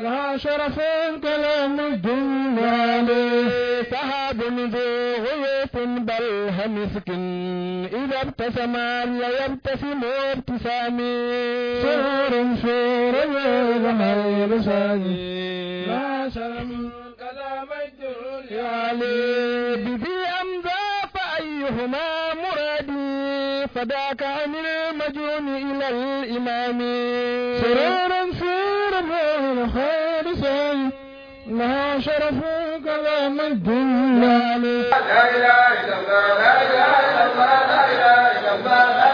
لها شرف كلام الجمال سحاب ذو غيث بل همسك إذا ابتسم ليبتسم ابتسامي سور سور غير ساني لا شرف كلام الجمال بذي أمزى فأيهما مرادي فداك عن المجنون إلى الإمام سرور شرفوا كلام الدنيا لا اله الا الله لا اله الا الله لا اله الا الله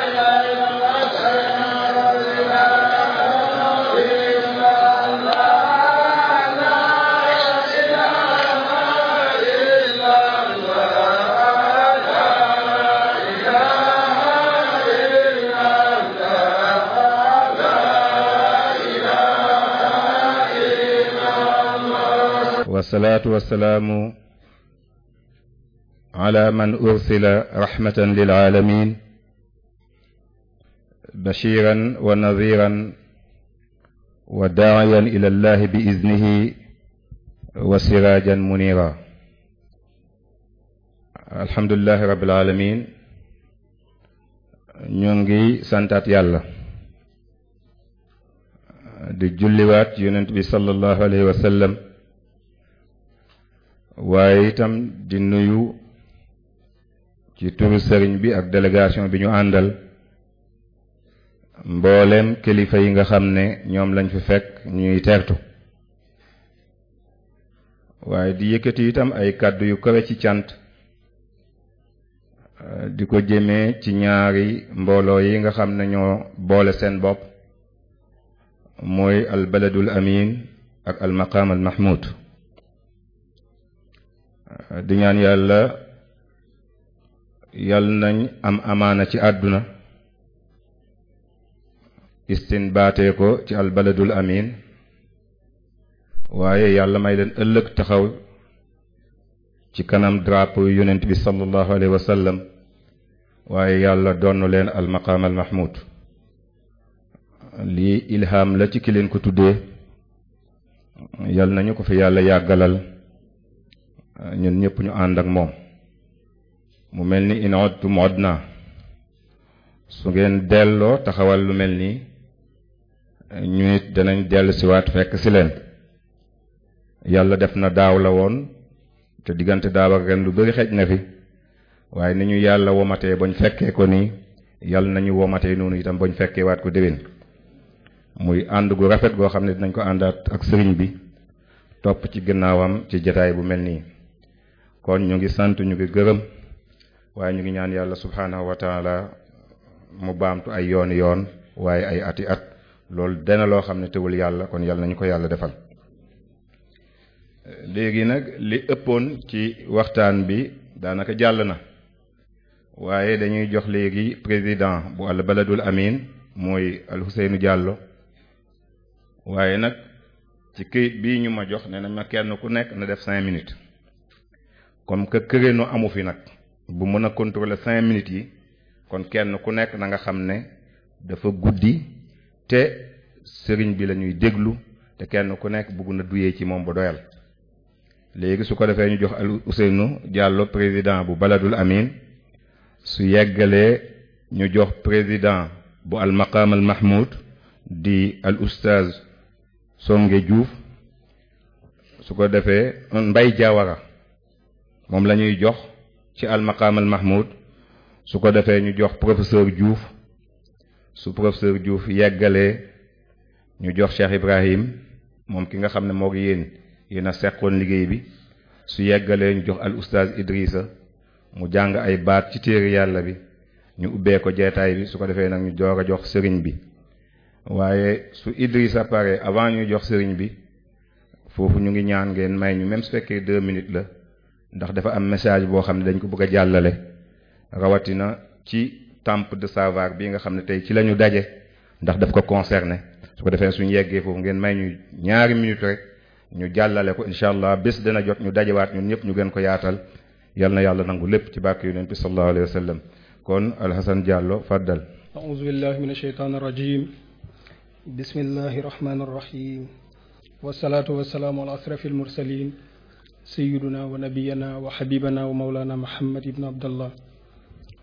wasalaatu wasalaamu ala man ursila rahmatan lil aalamin bashiran wa nadiran wa daa'iyan ila llahi bi iznihi wa siraajan munira alhamdulillahi rabbil alamin ñu ngi santaat yàlla di julliwaat yonent bi sallallahu alayhi wa sallam waaye itam di nuyu ci turu sëriñ bi ak délégation bi ñu àndal mboolem kilifa yi nga xam ne ñoom lañ fi fekk ñuy teertu waaye di yëkkati itam ay kàddu yu kawe ci cant di ko jëmee ci ñaari mbooloo yi nga xam ne boole seen bopp mooy al baladul amin ak al maqam di ñaan yàlla yal nañ am amaana ci àdduna istinbaatee ko ci albaladul amin waaye yàlla may leen ëllëg taxaw ci kanam drapeau yonent bi sallallahu alayhi wa waaye yàlla donn leen al almaqaam almahmud lii ilham la ci ki leen ko tuddee yal nañu ko fi yàlla yàggalal ñun ñëpp ñu ànd ak moom mu mel ni in udtum udna su ngeen delloo taxawal lu mel nii ñu nit danañ dellu siwaat fekk si leen yàlla def na daaw la woon te diggante daaw ak lu bari xej na fi waaye ni ñu yàlla womatee bañ fekkee ko nii yàlla nañu womatee noonu itam ñu fekkee waat ko déwén muy ànd gu rafet goo xam ne dinañ ko àndaat ak sëriñ bi topp ci ginnaawam ci jataay bu mel nii kon ñu ngi sant ñu ngi gërëm waaye ñu ngi ñaan yàlla subhaanahu wa taala mu baamtu ay yoon yoon waaye ay ati at loolu dana loo xam ne tewul yàlla kon yàlla nañu ko yàlla defal léegi nag li ëppoon ci waxtaan bi daanaka jàll na waaye dañuy jox léegi président bu al baladul amin mooy al Ousseynou Diallo waaye nag ci këyit bii ñu ma jox nee na ma kenn ku nekk na def cinq minutes comme que këréno amu fi nag bu mën a contrôler cinq minutes yi kon kenn ku nekk na nga xam ne dafa guddi te sëriñ bi la ñuy déglu te kenn ku nekk bëgg na duyee ci moom bu doyal léegi su ko defee ñu jox al Ousseynou Diallo président bu Baladil Amine su yeggalee ñu jox président bu al Maqam al Mahmoud di al oustaz Songe su ko defee Mbaye Diawara moom la ñuy jox ci almaqaamal mahmoud su ko defee ñu jox professeur Diouf su professeur Diouf yeggalee ñu jox Cheikh Ibrahim moom ki nga xam ne moog yéen yéen a seqoon liggéey bi su yeggalee ñu jox al oustaz Idrissa mu jàng ay baat ci téere yàlla bi ñu ubbee ko jeetaay bi su ko defee nag ñu door a jox sëriñ bi waaye su Idrissa pare avant ñuy jox sëriñ bi foofu ñu ngi ñaan ngeen may ñu même su fekkee deux minutes la ndax dafa am message boo xam ne dañ ko bëgg a jàllale rawatina ci temple de savoir bi nga xam ne tey ci la ñu daje ndax daf ko concerné su ko defee suñ yeggee foofu ngeen may ñu ñaari minutes rek ñu jàllale ko incha allah bés dana jot ñu dajewaat ñun ñëpp ñu gën ko yaatal yal na yàlla nangu lépp ci barke yonent bi sallallahu alayhi wa sallam kon alhasan Diallo faddal a'uuzu billahi min ashaytaani rajim bismillahi rahmaani rahim wasalaatu wasalaamu ala ashrafil mursalin sayiduna wa nabiyana wa xabibana wa mawlana muhammad ibn abdallah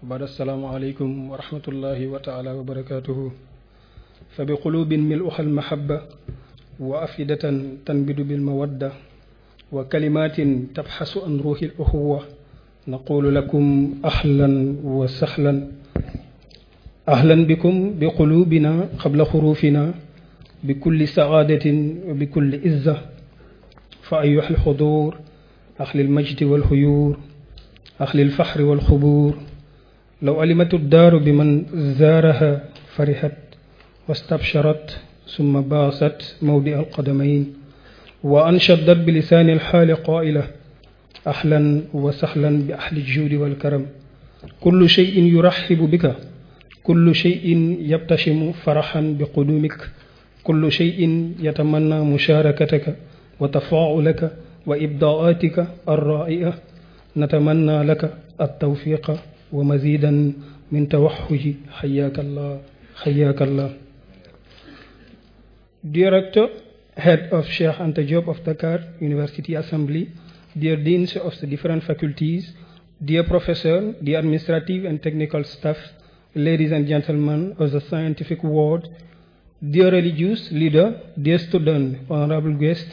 baad assalaamu aleykum wa rahmatullahi wa taala wa barakatuhu fa bi qulubin miluha almahaba wa afidatan tanbidu bilmawadda wa kalimatin tabxasu an ruuhi aluxuwa naqulu lakum ahlan wa sahlan ahlan bikum bi qulubina qabla xurufina bi kulli saadatin wa bi kulli izza fa ayuha alxudur أخل المجد والخيور أخل الفحر والخبور لو علمت الدار بمن زارها فرحت واستبشرت ثم باست مودع القدمين وأن شدت بلسان الحال قائلة أهلا وسهلا بأهل الجود والكرم كل شيء يرحب بك كل شيء يبتسم فرحا بقدومك كل شيء يتمنى مشاركتك وتفاعلك wa ibdaatika arraia natamanna laka altawfiqa wa mazidan min tawaxuji xayaaka allah xayaaka allah Director, Head of Sheikh Anta Diop of Dakar University Assembly, dear deans of the different faculties, dear professor, dear administrative and technical staff, ladies and gentlemen of the scientific world, dear religious leader, dear student, honorable guest,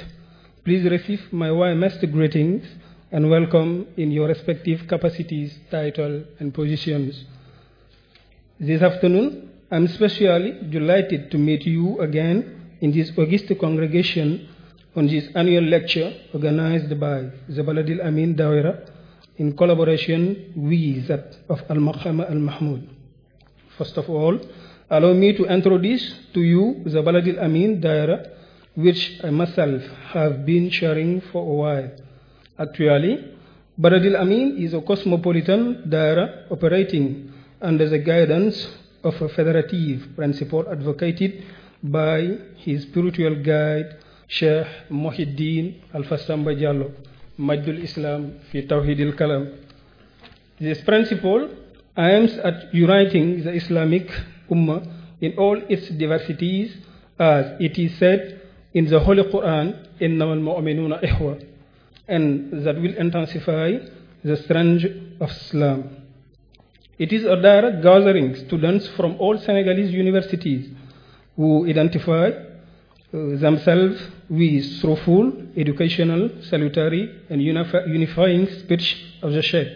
Please receive my warmest greetings and welcome in your respective capacities, title, and positions. This afternoon, I'm especially delighted to meet you again in this august congregation on this annual lecture organized by the Baladil Amin Daira in collaboration with that of Al Mahmoud. First of all, allow me to introduce to you the Baladil Amin which I myself have been sharing for a while. Actually, Baradil Amin is a cosmopolitan daira operating under the guidance of a federative principle advocated by his spiritual guide, Sheikh Muhyiddin Alfastamba Diallo, Majdul Islam fi Tawhidil Kalam. This principle aims at uniting the Islamic Ummah in all its diversities, as it is said in the holy Quran innamal mu'minuna ikhwa and that will intensify the strength of Islam. It is a direct gathering students from all Senegalese universities who identify uh, themselves with truthful, educational, salutary, and unifying speech of the Sheikh.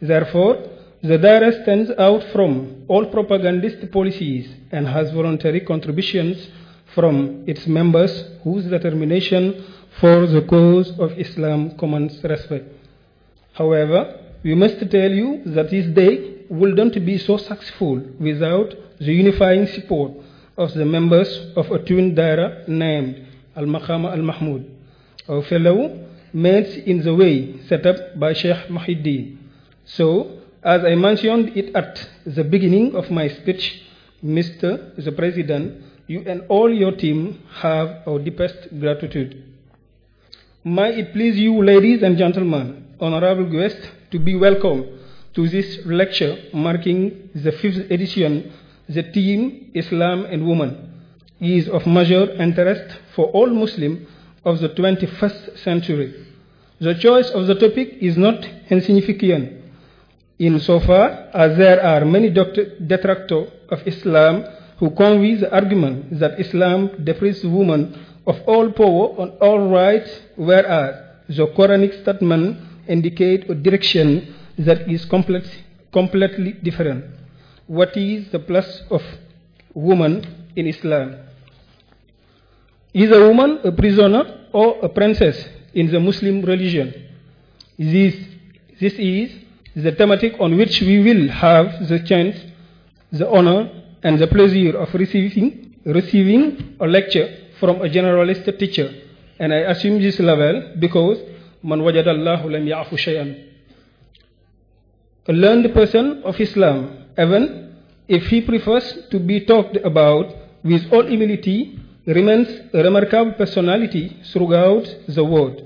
Therefore, the Daira stands out from all propagandist policies and has voluntary contributions from its members whose determination for the cause of Islam commands respect. However, we must tell you that this day wouldn't be so successful without the unifying support of the members of a twin daira named Al Maqama Al Mahmoud, our fellow mates in the way set up by Sheikh Muhyiddin. So, as I mentioned it at the beginning of my speech, Mr. the President You and all your team have our deepest gratitude. May it please you, ladies and gentlemen, honorable guests, to be welcome to this lecture marking the fifth edition, The Theme Islam and Women is of major interest for all Muslims of the 21st century. The choice of the topic is not insignificant, insofar as there are many detractors of Islam who conveys the argument that Islam deprives women of all power and all rights, whereas the Quranic statement indicates a direction that is completely different. What is the place of woman in Islam? Is a woman a prisoner or a princess in the Muslim religion? This, is the thematic on which we will have the chance, the honor, and the pleasure of receiving, receiving a lecture from a generalist teacher. And I assume this level because man wajada Allah lam ya'fu shay'an. A learned person of Islam, even if he prefers to be talked about with all humility, remains a remarkable personality throughout the world.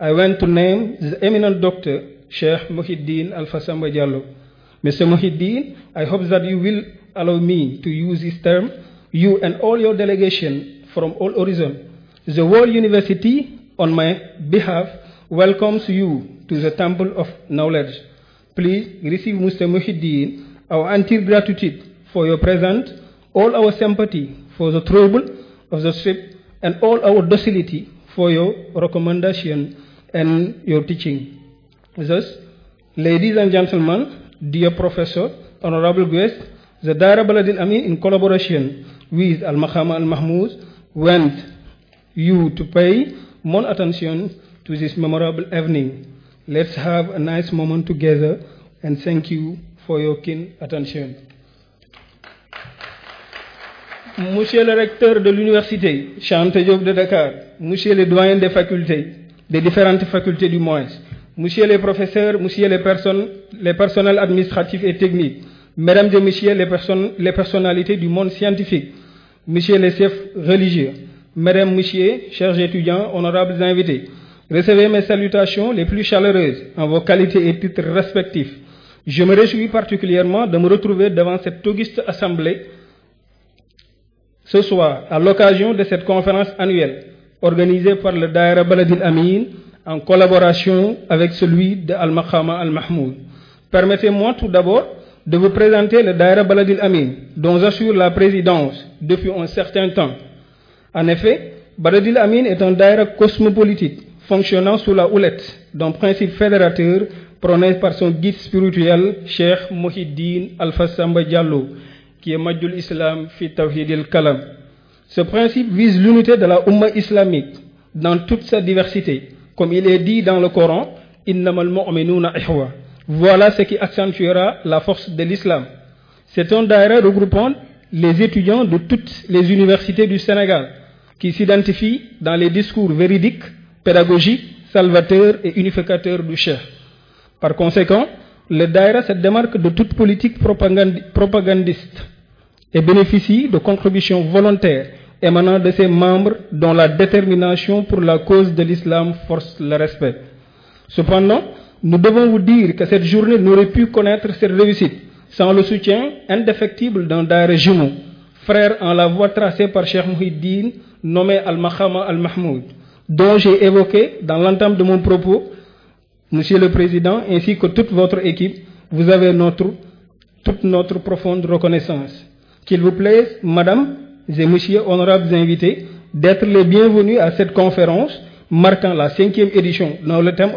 I want to name the eminent doctor, Sheikh Muhyiddin Alpha Samba Diallo. Mr. Muhyiddin, I hope that you will allow me to use this term, you and all your delegation from all horizons. The World University, on my behalf, welcomes you to the Temple of Knowledge. Please receive Mr. Muhyiddin our entire gratitude for your presence, all our sympathy for the trouble of the trip, and all our docility for your recommendation and your teaching. Thus, ladies and gentlemen, dear professor, honorable guests, The Dara Baladil Amin, in collaboration with Al Mahama Al Mahmoud, want you to pay more attention to this memorable evening. Let's have a nice moment together and thank you for your keen attention. Monsieur le recteur de l'université Cheikh Anta Diop de Dakar, monsieur les doyens des facultés, des différentes facultés du MOES, monsieur les professeurs, monsieur les personnes, les personnels administratifs et techniques, Mesdames et messieurs les personnes, les personnalités du monde scientifique, messieurs les chefs religieux, mesdames, messieurs, chers étudiants, honorables invités, recevez mes salutations les plus chaleureuses en vos qualités et titres respectifs. Je me réjouis particulièrement de me retrouver devant cette auguste assemblée ce soir à l'occasion de cette conférence annuelle organisée par le Daïra Baladil Amin en collaboration avec celui de Al Maqama Al Mahmoud. Permettez-moi tout d'abord de vous présenter le Daïra Baladil Amin, dont j'assure la présidence depuis un certain temps. En effet, Baladil Amin est un Daïra cosmopolitique, fonctionnant sous la houlette d'un principe fédérateur prôné par son guide spirituel, Cheikh Mohidine alfa Samba Diallo, qui est Majul Islam fi Tawhid al-Kalam. Ce principe vise l'unité de la Ummah islamique dans toute sa diversité, comme il est dit dans le Coran, Innamal mu'minuna ihwa. Voilà ce qui accentuera la force de l'islam. C'est un daïra regroupant les étudiants de toutes les universités du Sénégal qui s'identifient dans les discours véridiques, pédagogiques, salvateurs et unificateurs du chef. Par conséquent, le daïra se démarque de toute politique propagandiste et bénéficie de contributions volontaires émanant de ses membres dont la détermination pour la cause de l'islam force le respect. Cependant, Nous devons vous dire que cette journée n'aurait pu connaître cette réussite sans le soutien indéfectible d'un daara jumeau, frère en la voie tracée par Cheikh Mouhidine, nommé Al-Mahama Al-Mahmoud, dont j'ai évoqué dans l'entame de mon propos, Monsieur le Président, ainsi que toute votre équipe, vous avez notre, toute notre profonde reconnaissance. Qu'il vous plaise, Madame et Messieurs, honorables invités, d'être les bienvenus à cette conférence marquant la cinquième édition dans le thème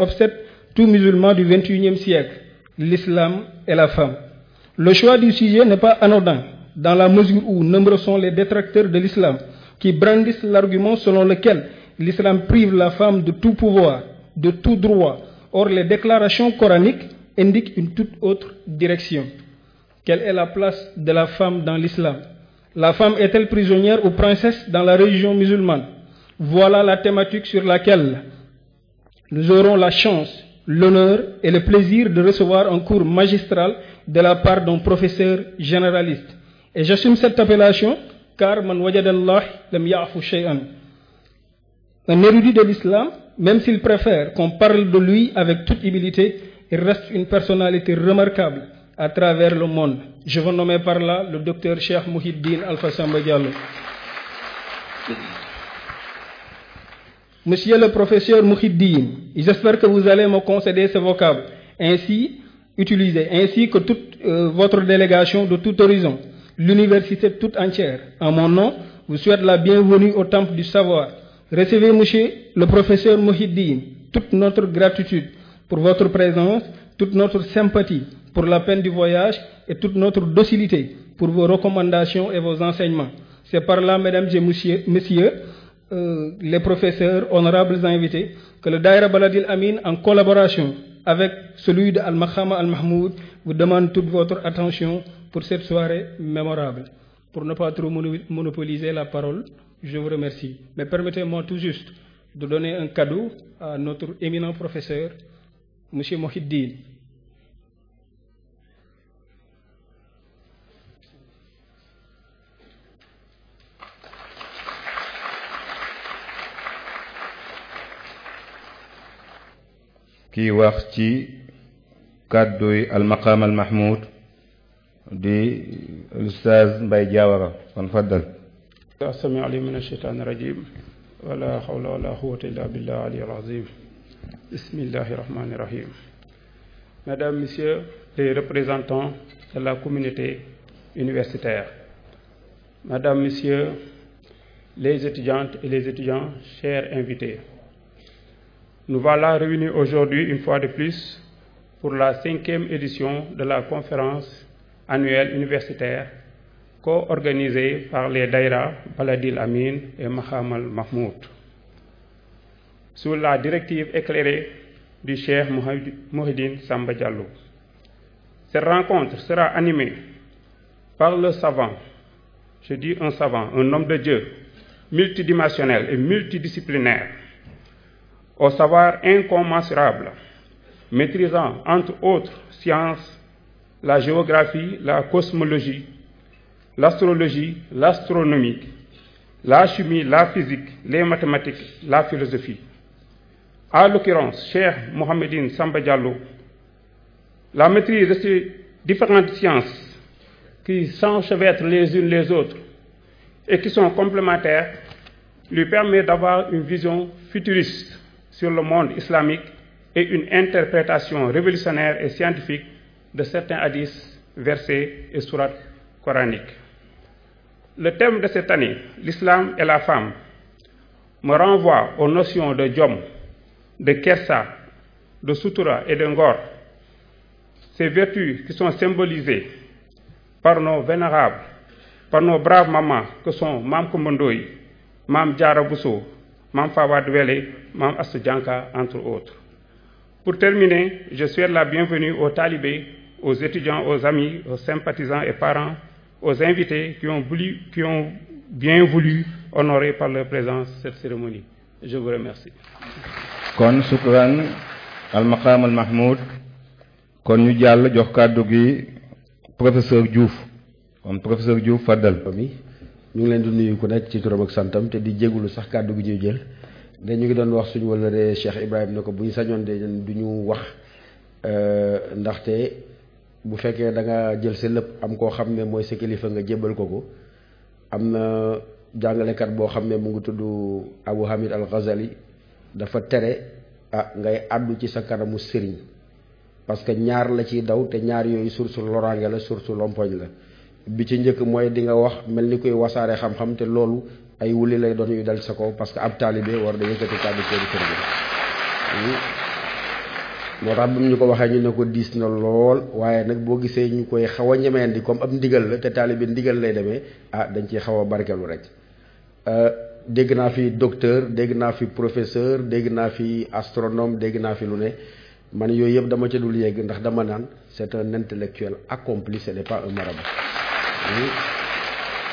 tout musulman du XXIe siècle, l'islam et la femme. Le choix du sujet n'est pas anodin, dans la mesure où nombreux sont les détracteurs de l'islam qui brandissent l'argument selon lequel l'islam prive la femme de tout pouvoir, de tout droit. Or, les déclarations coraniques indiquent une toute autre direction. Quelle est la place de la femme dans l'islam La femme est-elle prisonnière ou princesse dans la religion musulmane Voilà la thématique sur laquelle nous la l'honneur et le plaisir de recevoir un cours magistral de la part d'un professeur généraliste et j'assume cette appellation car man wajadallah lam ya'fu shay'an un érudit de l'islam même s'il préfère qu'on parle de lui avec toute humilité il reste une personnalité remarquable à travers le monde je veux nommer par là le docteur Cheikh Mouhidine Alpha Samba Diallo Monsieur le professeur Mouhidine, j'espère que vous allez me concéder ce vocable ainsi utilisé, ainsi que toute euh, votre délégation de tout horizon, l'université toute entière. En mon nom, vous souhaite la bienvenue au temple du savoir. Recevez, monsieur le professeur Mouhidine, toute notre gratitude pour votre présence, toute notre sympathie pour la peine du voyage et toute notre docilité pour vos recommandations et vos enseignements. C'est par là, mesdames et messieurs, euh, les professeurs, honorables invités, que le Daïra Baladil Amin, en collaboration avec celui de Al-Makhama Al-Mahmoud, vous demande toute votre attention pour cette soirée mémorable. Pour ne pas trop monopoliser la parole, je vous remercie. Mais permettez-moi tout juste de donner un cadeau à notre éminent professeur, M. Mohiddin. kiy wax ci kàdduy almaqaam almahmud di ustaaz mbay jaawara kon faddal asami alim min asheytaan rajim wala xawla wala quwata illa billah ali alazim bismillahi rahmani rahim mesdames les représentants de la communauté universitaire mesdames messieurs les étudiantes et les étudiants chers invités Nous voilà réunis aujourd'hui une fois de plus pour la cinquième édition de la conférence annuelle universitaire co-organisée par les Daïra Baladil Amin et Mahamal Mahmoud. Sous la directive éclairée du Cheikh Mouhidine Samba Diallo. Cette rencontre sera animée par le savant, je dis un savant, un nom de Dieu, multidimensionnel et multidisciplinaire au savoir incommensurable, maîtrisant, entre autres sciences, la géographie, la cosmologie, l'astrologie, l'astronomie, la chimie, la physique, les mathématiques, la philosophie. À l'occurrence, cher Mohamedine Samba Diallo, la maîtrise de ces différentes sciences qui s'enchevêtrent les unes les autres et qui sont complémentaires lui permet d'avoir une vision futuriste sur le monde islamique et une interprétation révolutionnaire et scientifique de certains hadiths, versets et sourates coraniques. Le thème de cette année, l'islam et la femme, me renvoie aux notions de jom, de kersa, de sutura et de ngor, ces vertus qui sont symbolisées par nos vénérables, par nos braves mamans que sont Mam Koumba Ndoye, Mam Mam Fawad Wele, Mam Asudjanka, Pour terminer, je souhaite la bienvenue aux talibés, aux étudiants, aux amis, aux sympathisants et parents, aux invités qui ont, voulu, qui bien voulu honorer par leur présence cette cérémonie. Je vous al mahmoud kon ñu jàll jox kàddu gi professeur Diouf kon professeur Diouf faddal ñu ngi leen di nuyu ku nekk ci turam ak santam te di jégalu sax kàddu gi ñuy jël de ñu ngi doon wax suñu wëllëree Cheikh Ibrahima ne ko bu ñu sañoon de du ñu wax euh, ndaxte bu fekkee danga jël sa lépp am koo xam ne mooy sa kilifa nga jébbal ko ko am na jàngalekat boo xam ne mu ngi tudd Abu Hamid Al Ghazali dafa tere ah ngay àddu ci sa kanamu sëriñ parce que ñaar la ciy daw te ñaar yooyu source loraange la source lompoñ la. bi ci njëkk mooy di nga wax mel ni koy wasaare xam-xam te loolu ay wuli lay doon yu dal sa ko parce que ab taalibe war da yëkkati kàddu seen kër gi hmm. moo tax bi ñu ko waxee ñu ne ko diis na lool waaye nag boo gisee ñu koy xaw a ñemeen di comme ab ndigal la te taalibe ndigal lay demee ah dañ ciy xaw a barkelu rek euh, dégg naa fi docteur dégg naa fi professeur dégg naa fi astronome dégg naa fi lu ne man yooyu yëpp dama ca dul ndax dama naan c'est un intellectuel accompli ce n'est pas un marabout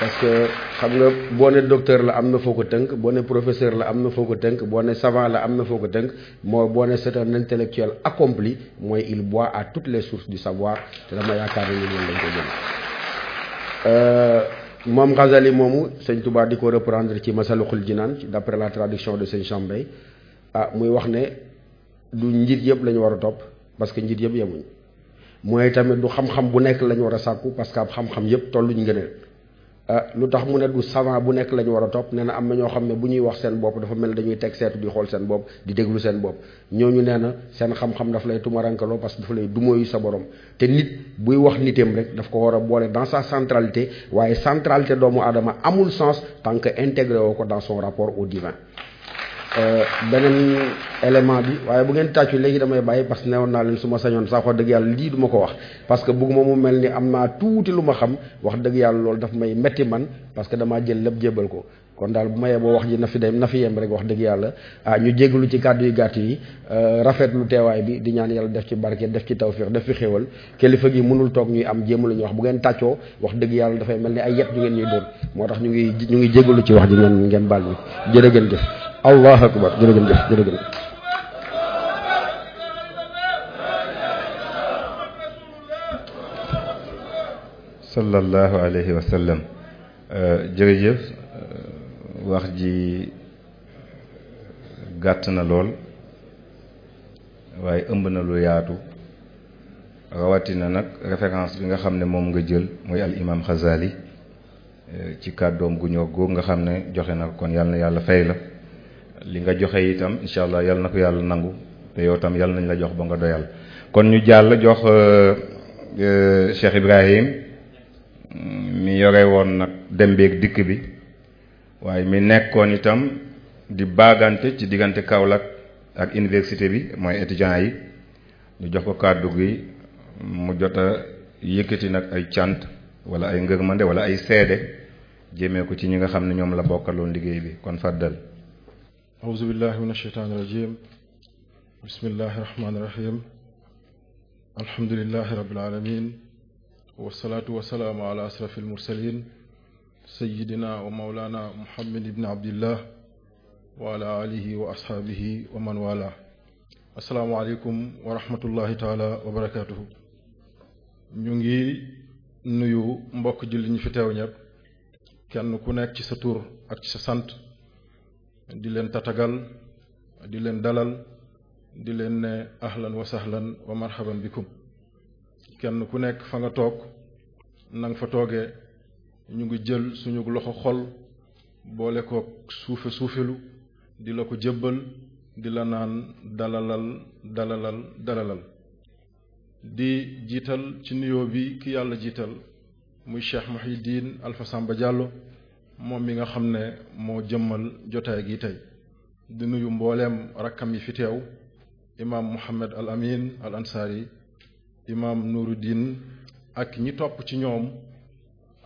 parce que xam nga boo ne docteur la am na foo ko tënk boo ne professeur la am na foo ko tënk boo ne savant la am na foo ko tënk mooy boo ne c'est un intellectuel accompli mooy il boit à toutes les sources du savoir te dama yaakaar ne ñun lañ ko jëm euh, moom Ghazali moomu sëñ Touba di ko reprendre ci Masaluxul Jinaan d'après la tradition de sëñ Chambey ah muy wax ne du njiit yëpp lañu ñu war a topp parce que njiit yëpp yemuñ mooy tamit du xam-xam bu nekk la ñu war a sàkku parce que ab xam-xam yépp tolluñ ngëneel ah, lu tax mu ne du savant bu nekk la ñu war a topp nee na am na ñoo xam ne bu ñuy wax seen bopp dafa mel dañuy teg seetu di xool seen bopp di déglu seen bopp ñooñu nee na seen xam-xam dafa lay tumarankaloo parce que dafa lay dumóoyu sa borom te nit buy wax nitéem rek daf ko war a boole dans sa centralité waaye centralité doomu aadama amul sens tant que intégré woo ko dans son rapport Euh, beneen élément bi waaye bu ngeen tàccu léegi damay bàyyi parce que newoon naa leen su ma sañoon sax wax dëgg yàlla lii du ma ko wax parce que bëgguma mu mel ni am naa tuuti lu ma xam wax dëgg yàlla loolu may metti man parce que damaa jël lépp jébal ko kon daal bu ma yeboo wax ji na fi dem na fi yem rek wax dëgg yàlla ah ñu jégalu ci kàddu yu gàtt yi euh, rafetlu teewaay bi di ñaan yàlla def ci barke def ci tawfiq def fi xéwal kilifa gi mënul toog ñuy am jéem lu ñuy wax bu ngeen tàccoo wax dëgg yàlla dafay mel ni ay yet ñu ngeen ñuy doon moo tax ñu ngi ñu ngi jégalu ci wax ji ngeen ngeen baal ñu jërë ngeen jëf allahu akbar jërëgën jëf jërëgën wax ji gàtt na lool waaye ëmb na lu yaatu rawatina nag référence bi nga xam ne moom nga jël muy al imam Xazali euh, ci kàddoom gu ñoo góor nga xam ne joxe na kon yàlla na yàlla fay la li nga joxe itam incha allah yal na ko yàlla nangu te yow tam yal nañ la jox ba nga doyal kon ñu jàll jox euh, euh, Cheikh Ibrahim mm, mi yore woon nag dem beeg dikk bi waaye mi nekkoon itam di baagante ci diggante Kaolack ak université bi mooy étudiants yi ñu jox ko kàddu gi mu jot a yëkkati nag ay cant wala ay ngërmande wala ay seede jéemee ko ci ñi nga xam ne ñoom la bokkaloon liggéey bi kon fàddal أعوذ بالله من الشيطان الرجيم بسم الله الرحمن الرحيم الحمد لله رب العالمين والصلاة والسلام على أشرف المرسلين سيدنا ومولانا محمد بن عبد الله وعلى آله وأصحابه ومن والاه asalaamu aleykum wa rahmatullahi taala wa barakaatuhu ñu ngi nuyu mbokk julli ñu fi teew ñëpp kenn ku nekk ci sa tur ak ci sa sant di leen tatagal di leen dalal di leen ne ahlan wa sahlan wa marhaban bikum kenn ku nekk fa nga toog na fa toogee ñu ngi jël suñu loxo xol boole koog suufe suufelu di la ko jëbbal di la naan dalalal dalalal dalalal di jiital ci nuyoo bi ki yàlla jiital muy Cheikh Mouhidine Alpha Samba Diallo moom mi nga xam ne moo jëmmal jotaay gi tey di nuyu mbooleem rakkam yi fi teew imaam Mouhamed Al Amin Al Ansari imaam Nuruddin ak ñi topp ci ñoom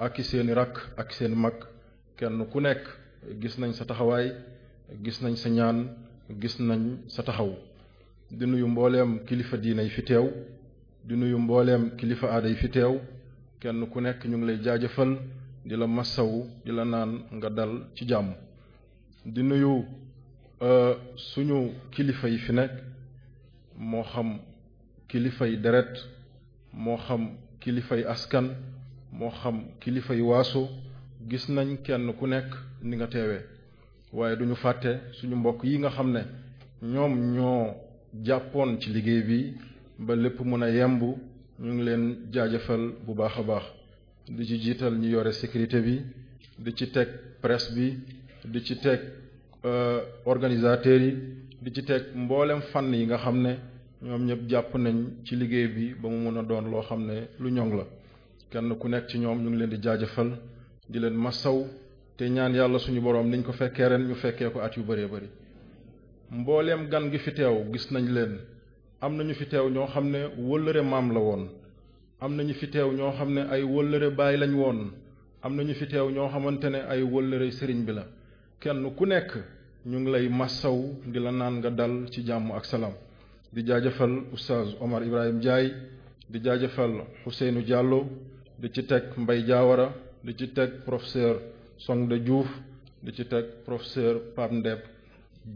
ak seeni rakk ak seen mag kenn ku nekk gis nañ sa taxawaay gis nañ sa ñaan gis nañ sa taxaw di nuyu mbooleem kilifa diine yi fi teew di nuyu mbooleem kilifa aada yi fi teew kenn ku nekk ñu ngi lay jaajëfal di la masawu di la naan nga dal ci jàmm di nuyu euh, suñu kilifa yi fi nekk moo xam kilifay deret moo xam kilifay askan moo xam kilifay waaso gis nañ kenn ku nekk ni nga teewee waaye duñu fàtte suñu mbokk yi nga xam ne ñoom ñoo jàppoon ci liggéey bi ba lépp mën a yemb ñu ngi leen jaajëfal bu baax a baax di ci jiital ñu yore sécurité bi di ci teg presse bi di ci teg euh, organisateurs yi di ci teg mbooleem fànn yi nga xam ne ñoom ñëpp jàpp nañ ci liggéey bi ba mu mën a doon loo xam ne lu ñoŋ la kenn ku nekk ci ñoom ñu ngi leen di jaajëfal di leen masaw te ñaan yàlla suñu boroom niñ ko fekkee ren ñu fekkee ko at yu bëree bëri mbooleem gan gi fi teew gis nañ leen am na ñu fi teew ñoo xam ne wëllëre maam la woon am na ñu fi teew ñoo xam ne ay wëllëre baay lañ woon am na ñu fi teew ñoo xamante ne ay wëllëre sëriñ bi la kenn ku nekk ñu ngi lay massaw di la naan nga dal ci jàmm ak salaam di jaajëfal oustaz Omar Ibrahim Diaye di jaajëfal Ousseynou jàlloo di ci teg mbay jaawara di ci teg professeur Songde juuf di ci teg professeur Pape Ndeb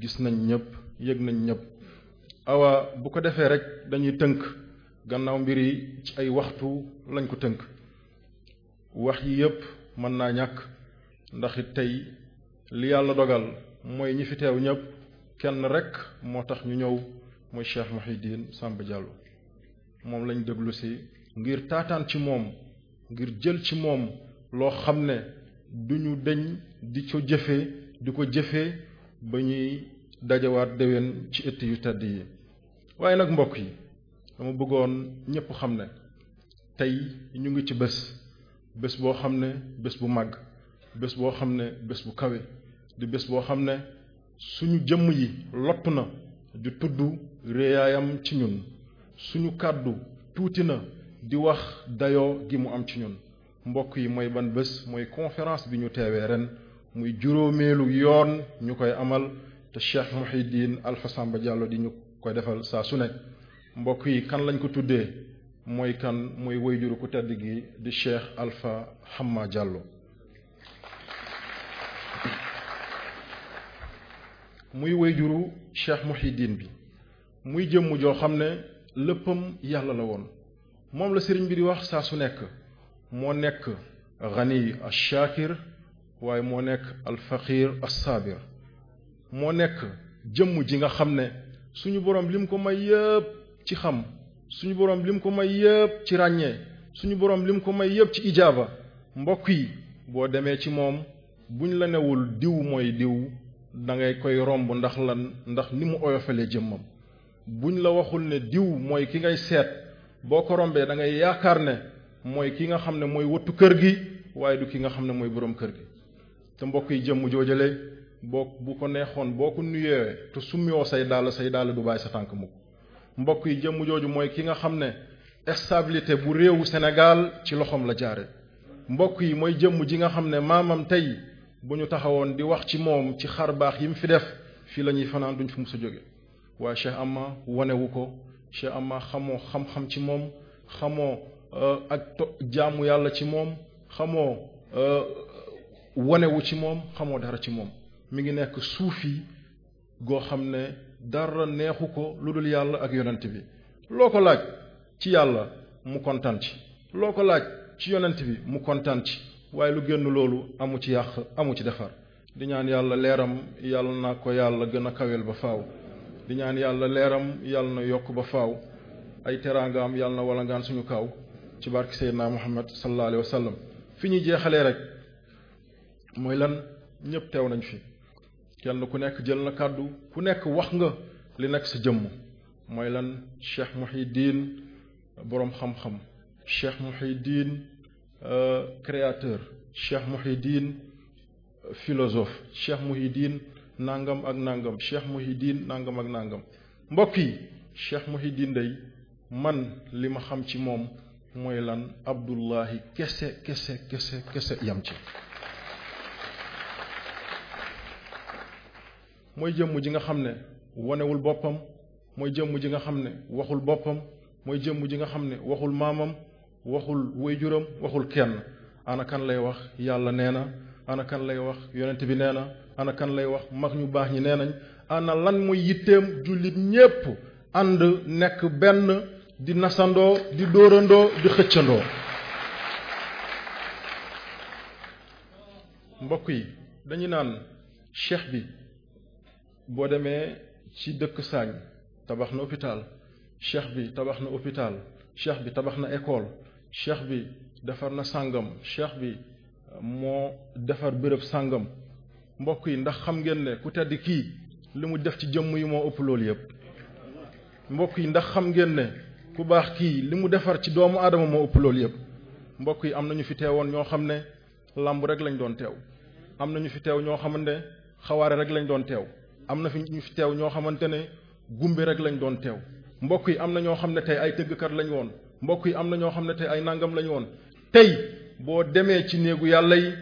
gis nañ ñëpp yëg nañ ñëpp awa bu ko defee rek dañuy tënk gannaaw mbir yi ci ay waxtu lañ ko tënk wax yi yépp mën naa ñàkk ndax it tey li yàlla dogal mooy ñi fi teew ñépp kenn rek moo tax ñu ñëw mooy Cheikh Mouhidine Samba Diallo moom lañ déglu si ngir taataan ci moom ngir jël ci moom loo xam ne duñu deñ di ko jëfe di ko jëfe ba ñuy dajawaat déwén ci ëtt yu tedd yi waaye nag mbokk yi dama bëggoon ñépp xam ne tey ñu ngi ci bés bés boo xam ne bés bu màgg bés boo xam ne bés bu kawe di bés boo xam ne suñu jëmm yi lott na di tudd réyaayam ci ñun suñu kàddu tuuti na di wax dayoo gi mu am ci ñun mbokk yi mooy ban bés mooy conférence bi ñu teewee ren muy juróomeelu yoon ñu koy amal te Cheikh Mouhidine Alpha Samba Diallo di ñu koy defal saa su nekk mbokk yi kan lañ ko tuddee mooy kan mooy wayjuru ku tedd gi di Cheikh Alpha Hamma Diallo muy wayjuru Cheikh Mouhidine bi muy jëmm joo xam ne léppam yàlla la woon moom la sëriñ bi di wax saa su nekk moo nekk ghani ash-shakir waaye moo nekk al-faqir as-sabir moo nekk jëmm ji nga xam ne suñu borom lim ko may yépp ci xam suñu borom mu ko may yëpp ci ràññee suñu borom lim ko may yëpp ci ijaaba mbokk yi boo demee ci moom buñ la newul diw mooy diw da ngay koy romb ndax lan ndax ni mu oyofalee jëmmam buñ la waxul ne diw mooy ki ngay seet boo ko rombee da ngay yaakaar ne mooy ki nga xam ne mooy wattu kër gi waaye du ki nga xam ne mooy boroom kër gi te mbokk yi jëmm joojale boo bu ko neexoon boo ko nuyeewee te summiwoo say daal say dàll du bàyyi sa tànk mukk mbokk yi jëmm jooju mooy ki nga xam ne stabilité bu réewu Sénégal ci loxoom la jaare mbokk yi mooy jëmm ji nga xam ne maamam tey bu ñu taxawoon di wax ci moom ci xar baax yi mu fi def fii la ñuy fanaan duñ fi mus a jóge waaye Cheikh Amma wanewu ko Cheikh Amma xamoo xam-xam ci moom xamoo euh, ak to jaamu yàlla ci moom xamoo euh, wanewu ci moom xamoo dara ci moom mi ngi nekk suufi goo xam ne dara neexu ko lu dul yàlla ak yonent bi loo ko laaj ci yàlla mu kontaan ci loo ko laaj ci yonent bi mu kontaan ci waaye lu génn loolu amu ci yàq amu ci defar di ñaan yàlla leeram yàlla na ko yàlla gën a kawel ba faaw di ñaan yàlla leeram yàlla na yokk ba faaw ay teraangaam yàlla na walangaan suñu kaw ci barke Seydina Muhammad sallallahu alayhi wa fi ñuy jeexalee rek mooy lan ñëpp teew nañ fi kenn ku nekk jël na kàddu ku nekk wax nga li nekk sa jëmm mooy lan Cheikh Mouhidine boroom xam-xam Cheikh Mouhidine euh, créateur Cheikh Mouhidine philosophe Cheikh Mouhidine nangam ak nangam Cheikh Mouhidine nangam ak nangam mbokk yi Cheikh Mouhidine day man li ma xam ci moom mooy lan Abdullahi kese kese kese kese yam ci mooy jëmm ji nga xam ne wonewul boppam mooy jëmm ji nga xam ne waxul boppam mooy jëmm ji nga xam ne waxul maamam waxul wayjuram waxul kenn ana lay wax yàlla nee na ana lay wax yonent bi nee na ana lay wax mag ñu baax ñi nee nañ ana lan mooy yitteem jullit ñépp ànd nekk benn di nasandoo di dóorandoo di xëccandoo mbokk yi dañu naan cheikh bi boo demee ci dëkk saañ tabax na hôpital cheikh bi tabax na hôpital cheikh bi tabax na école cheikh bi na sàngam cheikh bi euh, moo defar béréb sàngam mbokk yi ndax xam ngeen ne ku tedd kii li mu def ci jëmm yi moo ëpp loolu yépp mbokk yi ndax xam ngeen ne ku baax kii li mu defar ci doomu aadama moo ëpp loolu yépp mbokk yi am na ñu fi teewoon ñoo xam ne làmb rek lañ doon teew am na ñu fi teew ñoo xamante ne xawaare rek lañ doon teew am na fi ñu fi teew ñoo xamante ne gumbi rek lañ doon teew mbokk yi am na ñoo xam ne tey ay tëggkat lañu woon mbokk yi am na ñoo xam ne tey ay nangam lañu woon tey boo demee ci néegu yàlla yi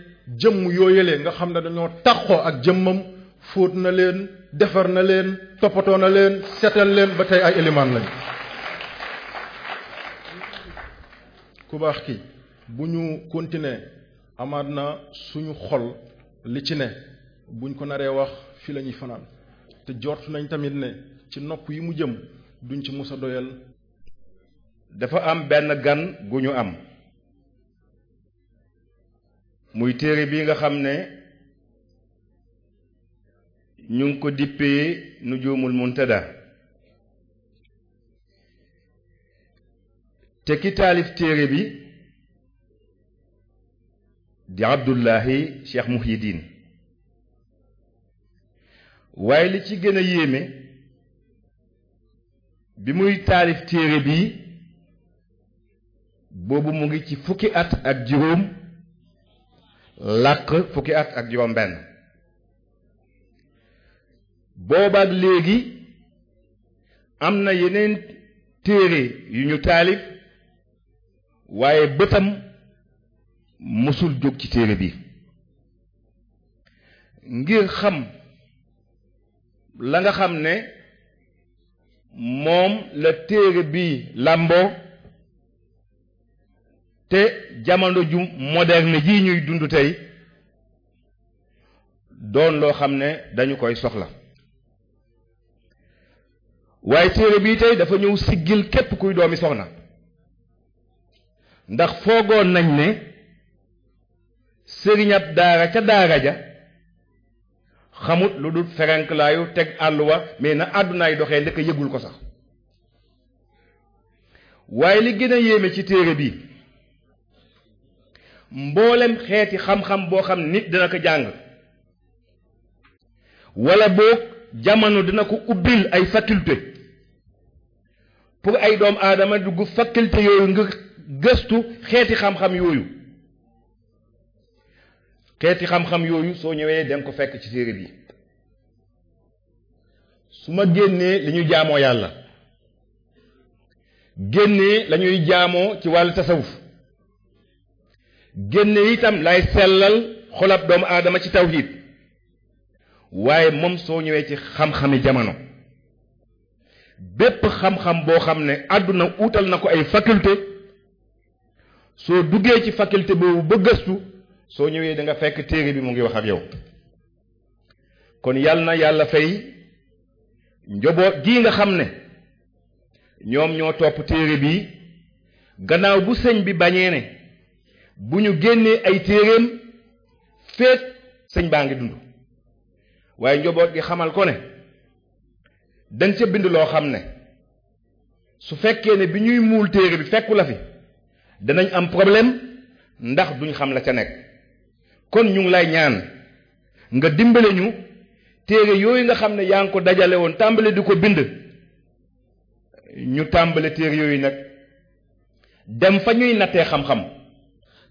jëmm yooyalee nga xam ne dañoo taxoo ak jëmmam fóot na leen defar na leen toppatoo na leen setal leen ba tey ay élimaan lañ ku baax ki bu ñu continuer amaat na suñu xol li ci ne buñ ko naree wax fi lañuy ñuy fanaan te jot nañ tamit ne ci nopp yi mu jëm duñ ci mës a doyal dafa am benn gan gu ñu am muy téere bii nga xam ne ñu ngi ko dippee Nujuumul Muntada te ki taalif téere bi di Abdullahi Cheikh Muhyiddin waaye li ci gën a yéeme bi muy taalif téere bii boobu mu ngi ci fukki at ak jiróom làq fukki at ak juróom benn boobaak léegi am na yeneen téere yu ñu taalif waaye bëtam mësul jóg ci téere bi ngir xam la nga xam ne moom la téere bi làmboo te jamono ju moderne ji ñuy dund tey doon loo xam ne dañu koy soxla waaye téere bii tey dafa ñëw siggil képp kuy doomi soxna ndax foogoon nañ ne sëriñab daara ca daara ja xamut lu dul ferenklaayu teg àlluwa mais na àddunaay doxee ndekk yëgul ko sax waaye li gën a yéeme ci téere bi mboolem xeeti xam-xam boo xam nit dina ko jàng wala boog jamono dina ko ubbil ay faculté pour ay doom aadama dugg faculté yooyu nga gëstu xeeti xam-xam yooyu xeeti xam-xam yooyu soo ñëwee da ko fekk ci téere bi su ma génnee li ñuy jaamoo yàlla génnee lañuy jaamoo ci wàll tasawuf génne itam lay sellal xolab doomu aadama ci tawhid waaye moom soo ñëwee ci xam-xami jamono bépp xam-xam boo xam ne àdduna utal na ko ay faculté soo duggee ci faculté boobu ba gëstu soo ñëwee da nga fekk téere bi mu ngi wax ak yow kon yal na yàlla fay njaboot gii nga xam ne ñoom ñoo topp téere bi gannaaw bu sëñ bi bañee ne bu ñu génnee ay téereem féet sëñ baa ngi dund waaye njaboot gi xamal ko ne dañ ca bind loo xam ne su fekkee ne bi ñuy muul téere bi fekku la fi danañ am problème ndax duñ xam la ca nekk kon ñu ngi lay ñaan nga dimbale ñu téere yooyu nga xam ne yaa ngi ko dajale woon tàmbale di ko bind ñu tàmbale téere yooyu nag dem fa ñuy nattee xam-xam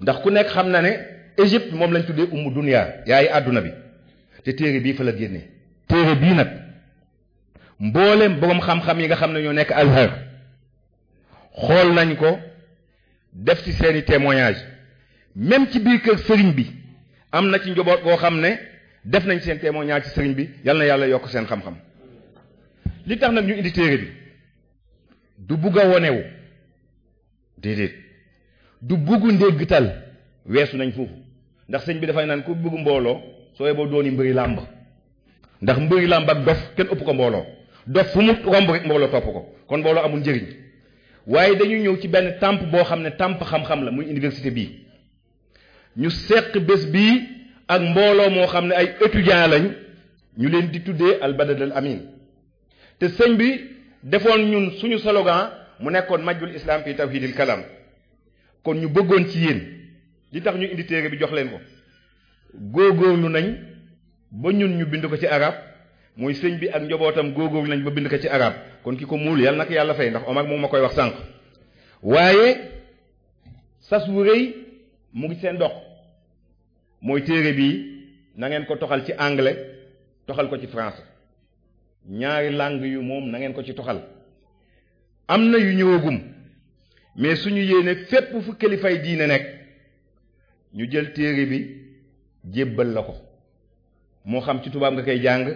ndax ku nekk xam na ne Égypte moom lañ tuddee ummu dunia yaay àdduna bi te téere bii fa la génnee téere bii nag mbooleem boroom xam-xam yi nga xam ne ñoo nekk Azhar xool nañ ko def ci seeni témoignage même ci biir kër sëriñ bi am na ci njaboot goo xam ne def nañ seen témoignage ci sëriñ bi yal na yàlla yokk seen xam-xam li tax nag ñu indi téere bi du bugg a wonewu déedéet du bugg ndéggtal weesu nañ foofu ndax sëñ bi dafay naan ku bugg mbooloo sooy boo dooni mbëri làmb ndax mbëri làmb ak dof kenn ëpp ko mbooloo dof fu mu romb rek mbooloo topp ko kon mbooloo amul njëriñ waaye dañuy ñëw ci benn tàmp boo xam ne tàmp xam-xam la muy université bii ñu seq bés bii ak mbooloo moo xam ne ay étudiants lañ ñu leen di tuddee al badal al amin te sëñ bi defoon ñun suñu slogan mu nekkoon majjul islam fi tawhidil kalam kon ñu bëggoon ci yéen li tax ñu indi téere bi jox leen ko góor góorgóorlu nañ ba ñun ñu bind ko ci arab muy sëñ bi ak njobootam góorgóorlu nañ ba bind ko ci arab kon ki ko muul yàlla nag yàlla fay ndax Omar moom ma koy wax sànq waaye sas wu rëy mu ngi seen dox mooy téere bii nangeen ko toxal ci anglais toxal ko ci français ñaari langue yu moom nangeen ko ci toxal am na yu ñëwagum mais suñu yéene fépp fu kilifay diine nekk ñu jël téere bi jébbal la ko moo xam ci tubaab nga koy jàng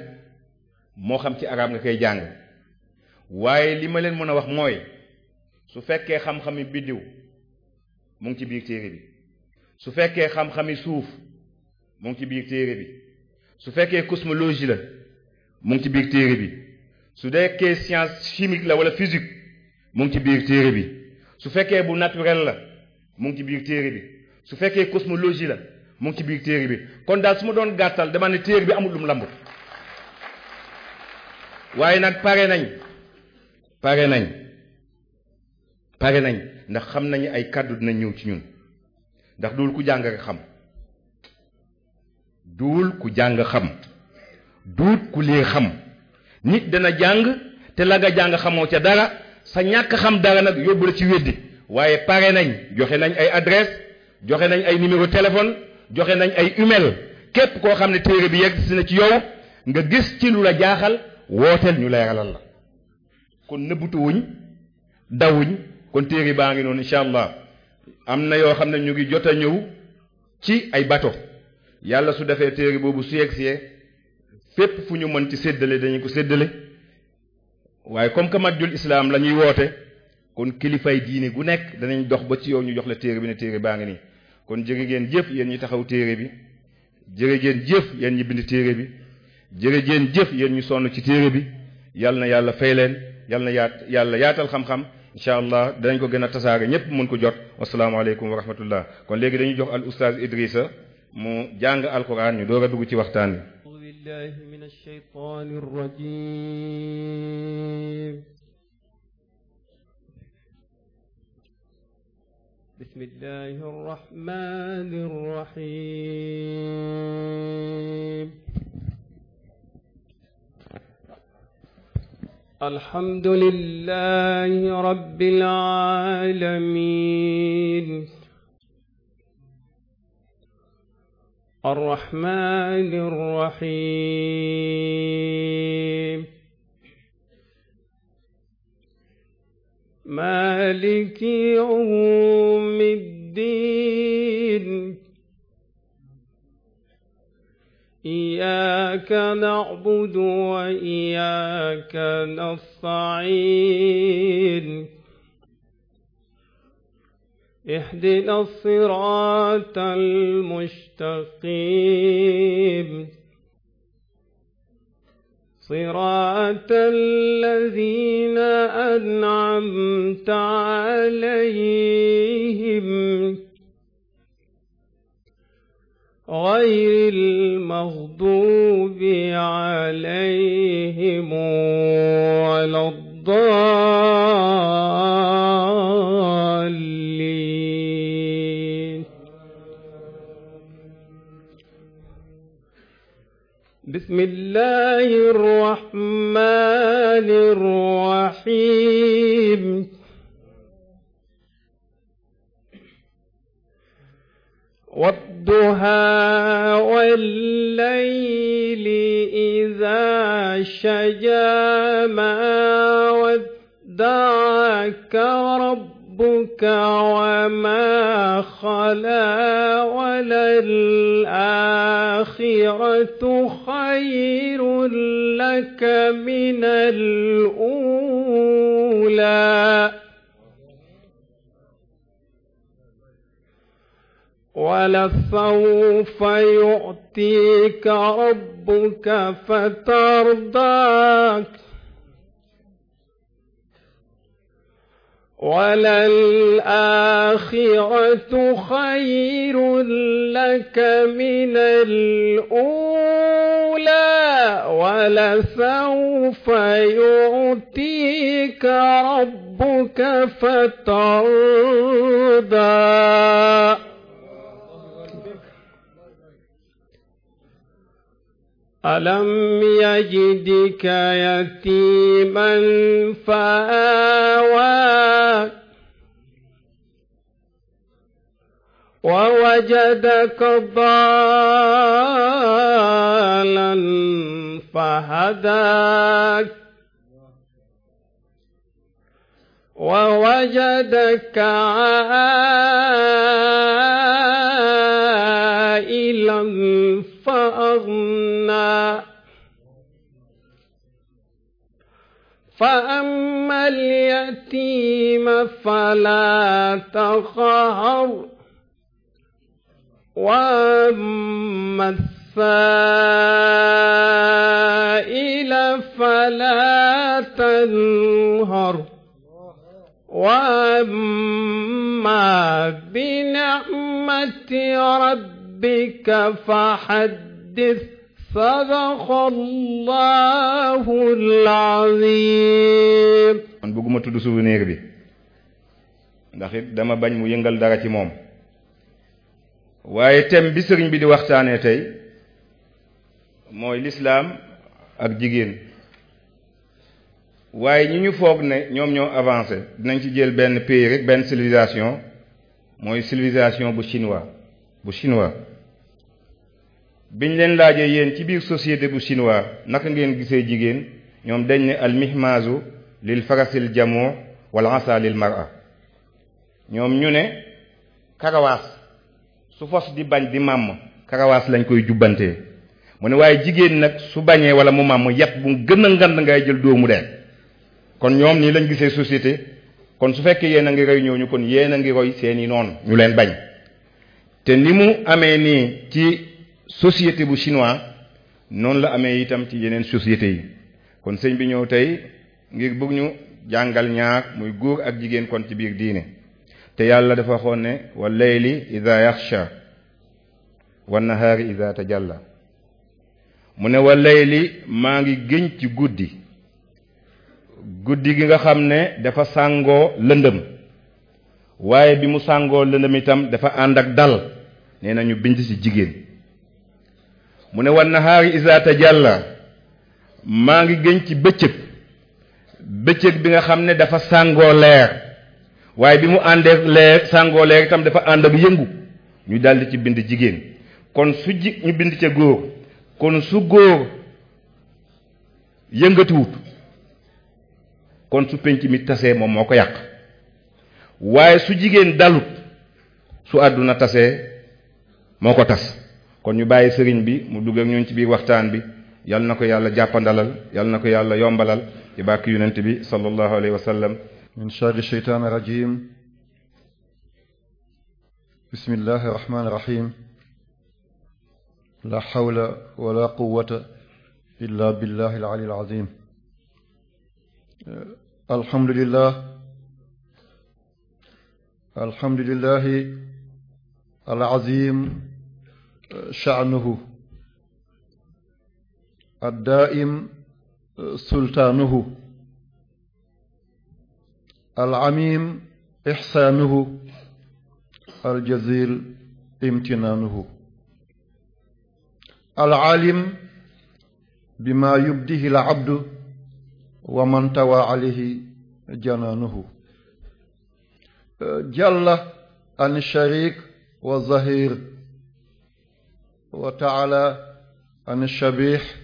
moo xam ci arab nga koy jàng waaye li ma leen mën a wax mooy su fekkee xam-xami biddiw mu ngi ci biir téere bi su fekkee xam-xami suuf mu ngi ci biir téere bi su fekkee cosmologie la mu ci biir téere bi su dekkee science chimique la wala physique mu ngi ci biir téere bi su fekkee bu naturel la mu ngi ci biir téere bi su fekkee cosmologie la mu ci biir téere bi kon daal su ma doon gàttal dama ne téere bi amul lum lamb waaye nag pare nañ pare nañ pare nañ ndax xam nañu ay kàddu dina ñëw ci ñun ndax loolu ku jàng rek xam duul ku jàng xam duut ku lee xam nit dana jàng te la nga jàng xamoo ca dara sa ñàkk xam dara nag yóbbu la ci weddi waaye pare nañ joxe nañ ay adresse joxe nañ ay numéro téléphone joxe nañ ay email képp koo xam ne téere bi yegg si na ci yow nga gis ci lu la jaaxal wooteel ñu leeralal la kon nëbbutuwuñ dawuñ kon téere baa ngi noonu incha allah am na yoo xam ne ñu ngi jot a ñëw ci ay bateau yàlla su defee téere boobu su yegsee fépp fu ñu mën ci séddale dañu ko séddale waaye comme que majjul islaam la ñuy woote kon kilifay diine gu nekk danañ dox ba ci yow ñu jox la téere bi ne téere baa ngi nii kon jërë ngeen jëf yéen ñu taxaw téere bi jërë ngeen jëf yéen ñu bind téere bi jërë ngeen jëf yéen ñu sonn ci téere bi yàlla na yàlla fay leen yàlla na yaat yàlla yaatal xam-xam incha allah dañ ko gën a tasaare ñëpp mën ko jot wasalaamaaleykum wa rahmatullah kon léegi dañuy jox al oustaz Idrissa mu jàng alquran ñu doog a dugg ci waxtaan wi a'uudu billahi min ash-shaytaani rajiim bismillahi rahmaani rahiim alhamdulillahi rabbil aalamiin الرحمن الرحيم مالك يوم الدين إياك نعبد وإياك نستعين اهدنا الصراط المستقيم صراط الذين أنعمت عليهم غير المغضوب عليهم ولا الضالين بسم الله الرحمن الرحيم والضحى والليل إذا شجى ما ودعك رب ربك وما خلا وللآخرة خير لك من الأولى ولسوف يعطيك ربك فترضاك وللآخرة خير لك من الأولى ولسوف يعطيك ربك فترضى ألم يجدك يتيما فآوى ووجدك ضالا فهداك ووجدك عائلا فأغناك فأما اليتيم فلا تقهر وأما السائل فلا تنهر وأما بنعمة ربك فحدث sadaq allahu alazim man bëgguma tudd souvenir bi ndax it dama bañ mu yëngal dara ci moom waaye thème bi sëriñ bi di waxtaanee tey mooy lislaam ak jigéen waaye ñi ñu foog ne ñoom ñoo avancé dinañ ci jël benn pays rek benn civilisation mooy civilisation bu chinois bu chinois ñu leen laajee yéen ci biir société bu chinois naka ngeen gisee jigéen ñoom dañ ne al mihmaazu lil farasil jamoo wal asa lil mar'a ñoom ñu ne karawaas su fos di bañ di màmm karawaas lañ koy jubbantee mu ne waaye jigéen nag su bañee wala mu màmm yat bu gën a ngand ngay jël dóomu dee kon ñoom nii lañ gisee société kon su fekkee yéen a ngi roy ñu kon yéen a ngi roy seeni noonu ñu leen bañ te ni mu amee nii ci société bu chinois noonu la amee itam ci yeneen sociétés yi kon sëñ bi ñëw tey ngir bëgg ñu jàngal ñaar muy góor ak jigéen kon ci biir diine te yàlla dafa waxoon ne wa layli ida yaxsha wa nahaari ida tajalla mu ne wa layli maa ngi gëñ ci guddi guddi gi nga xam ne dafa sàngoo lëndëm waaye bi mu sàngoo lëndëm itam dafa ànd ak dal nee nañu ñu bind ci jigéen mu ne wan nahaari isa tajalla maa ngi gën ci bëccëg bëccëg bi nga xam ne dafa sàngoo leer waaye bi mu àndeek leer sàngoo leer itam dafa ànd ak yëngu ñu daldi ci bind jigéen kon su ji ñu bind ca góor kon su góor yëngatuwut kon su penc mi tasee moom moo ko yàq waaye su jigéen dalut su àdduna tasee moo ko tas kon ñu bàyyi sëriñ bi mu dugg ak ñun ci biir waxtaan bi yal na ko yàlla jàppandalal yal na ko yàlla yombalal ci bàkk yonent bi sallallahu alayhi wa sallam min sharri shaytaani rajim bismillahi rahmaani rahim la hawla wala quwwata illa billahi al ali al azim alhamdulillah alhamdulillahi al azim sha'nuhu addaa'im sultaanuhu al'amim ixsaanuhu aljazil imtinaanuhu al'aalim bimaa yubdihi al'abdu wa man tawaa alayhi janaanuhu jalla an shariik wa zahir وتعالى عن الشبيح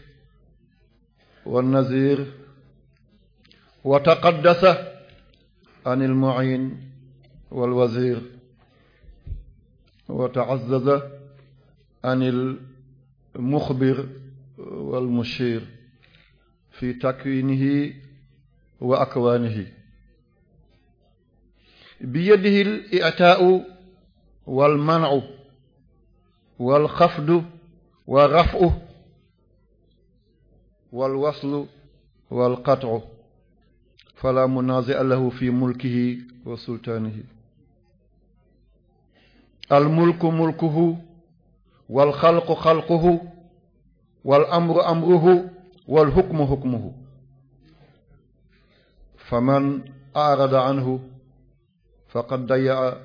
والنذير وتقدس عن المعين والوزير وتعزز عن المخبر والمشير في تكوينه وأكوانه بيده الإعتاء والمنع wal xafdu wa rafu wal waslu wal qat'u fala munazi'a lahu fi mulkihi wa sultaanihi al mulku mulkuhu wal xalqu xalquhu wal amru amruhu wal hukmu hukmuhu faman a'rada anhu faqad dayya'a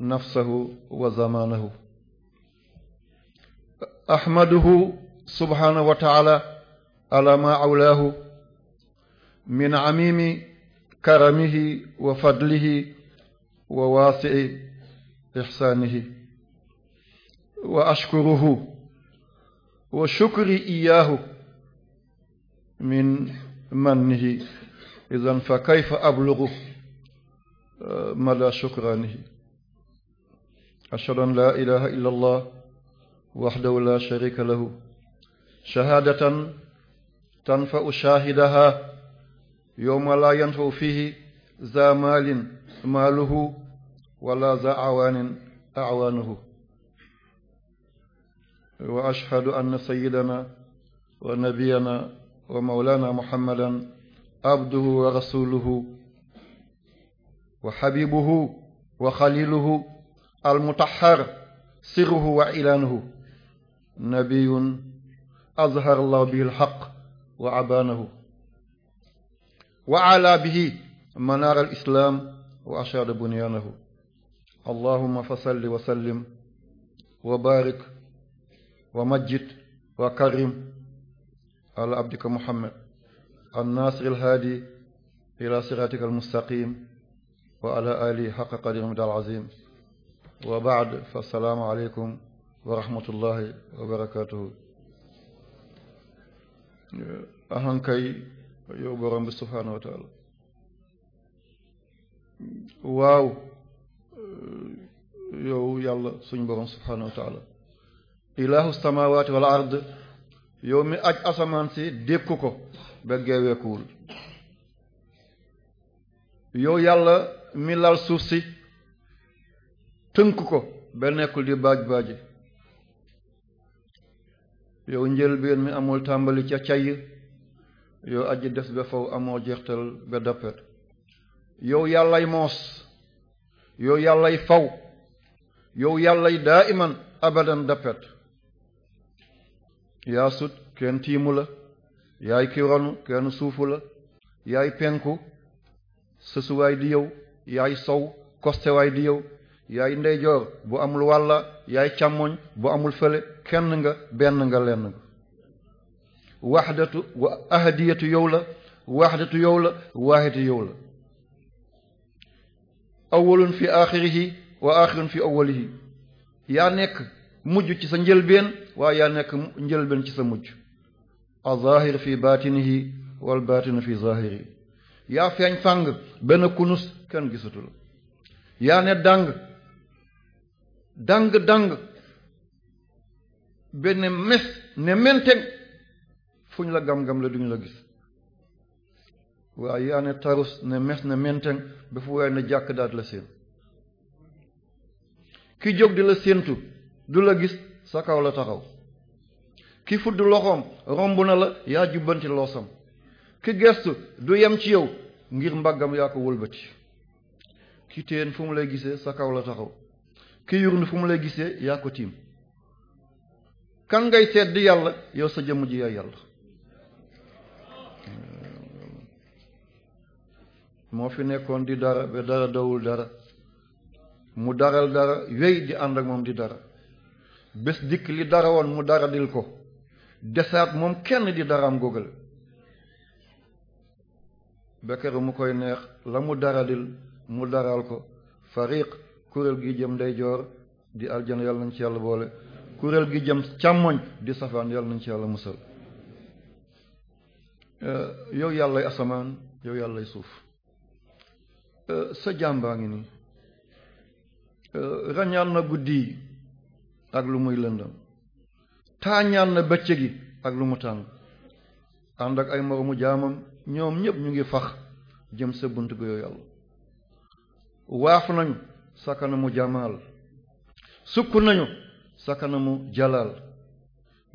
nafsahu wa zamaanahu ahmaduhu subhaanahu wa taala ala ma awlaahu min amimi karamihi wa fadlihi wa waasii ixsaanihi wa ashkuruhu wa shukri iyaahu min mannihi idan fa kayfa ablugu mada shukraanihi ashhadu an laa ilaha illa allah waxdahu la sharika lahu shahaadatan tanfa'u shaahidaha yawma la yanfa'u fihi za maalin maaluhu wala za awaanin awaanuhu wa ashhadu anna sayyidana wa nabiyana wa mawlana muhammadan abduhu wa rasuluhu wa habibuhu wa xaliluhu almutahhar sirruhu wa ilaanuhu nabiyun azhar allahu bihi alxaq wa abaanahu wa ala bihi manaar al islaam wa ashaada bunyaanahu allahuma fa salli wa sallim wa baarik wa majjid wa karim ala abdika muhammad annaasir alhaadi ila siraatika almustaqim wa ala alihi xaqa qadri mid al azim wa baad fa assalaamu aleykum wa rahmatullahi wa barakaatuhu eh, yow borom bi subhaanahu wa taala waaw eh, yow yàlla suñ borom subhaanahu wa taala ilaahu samawati wal ard yow mi aj asamaan si dékku ko ba geeweekuwul yow yàlla mi lal suuf si tënk ko ba nekkul di baaj baaji yow njëlbeen mi amul tàmbali ca cay yow aji des ba faw amoo jeextal ba dappet yow yàllay moos yow yàllay faw yow yàllay daa iman abadan dappet yaa sut kenn tiimu la yaay kironu kenn suufu la yaay penku sësuwaay di yow yaay sow kostewaay di yow yaay ndeyjoor bu amul wàlla yaay càmmoñ bu amul fële kenn nga benn nga lenn nga waxdatu wa ahadiyatu yow la waxdatu yow la waaxitu yow la awalun fi axirihi wa axirun fi awalihi yaa nekk mujj ci sa njëlbeen waaye yaa nekk njëlbeen ci sa mujj azahir fi batinihi wal batinu fi zahiri yaa feeñ fàng benn kunus kenn gisatu la yaa ne dàng dàng dàng benn mes ne menteng fu ñu la gam-gam la duñu la gis waa yaa ne tarus ne mes ne menteng ba fu waay ne jàkk daat la seen ki jóg di la séentu du la gis sa kaw la taxaw ki fudd loxoom romb na la yaa jubbanti loosam ki gestu du yem ci yow ngir mbaggam yaa ko wëlbati ki téen fu mu lay gisee sa kaw la taxaw ki yurnu fu mu lay gisee yaa ko tiim kan ngay seet di yàlla yow sa jëmm ji yaay yàlla moo fi nekkoon di dara ba dara dowul dara mu daral dara wéy di ànd ak moom di dara bés dikk li dara woon mu dara dil ko desaat moom kenn di am góogale bekkeru mu koy neex la mu dara daradil mu daral ko fariq kuréel gi jëm ndeyjoor di aljana yàlla nañ ci yàlla boole kuréel gi jëm càmmoñ di safaan yàlla nañ ci yàlla musal eh, yow yàllay asamaan yow yàllay suuf eh, sa jàmbaa ngi nii eh, rañaan na guddi ak lu muy lëndam taañaan na bëccëg gi ak lu mu tàng ànd ak ay moromu jaamam ñoom ñëpp ñu ngi fax jëm sa bunt gu yow yàlla waaf nañu sakanamu jamaal sukk nañu sakanamu jalaal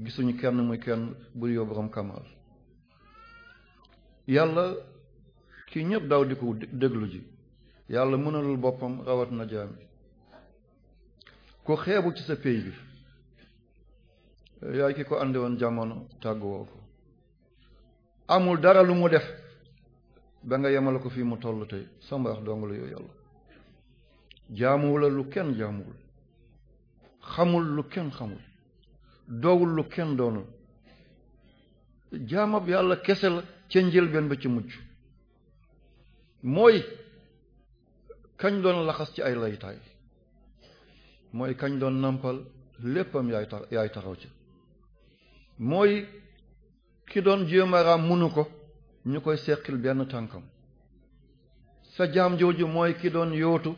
gisuñu kenn muy kenn bu yoo borom yàlla kii ñépp daw di ko déglu ji yàlla mënalul boppam rawat na jaam bi ku xeebu ci sa pay bi yaay ki ko andi woon jamono tàgguwoo ko amul dara lu mu def ba nga yemale ko fii mu toll tey sa mbaax dong la yow yàlla jaamuwula lu kenn jaamuwul xamul lu kenn xamul doowul lu kenn doonul jaamab yàlla kese la ca njëlbeen ba ci mujj mooy kañ doon laxas ci ay laytaay mooy kañ doon nampal léppam yaay taxaw ci mooy ki doon jéem munu ko ñu koy seqil benn tànkam sa jaam jooju mooy ki doon yootu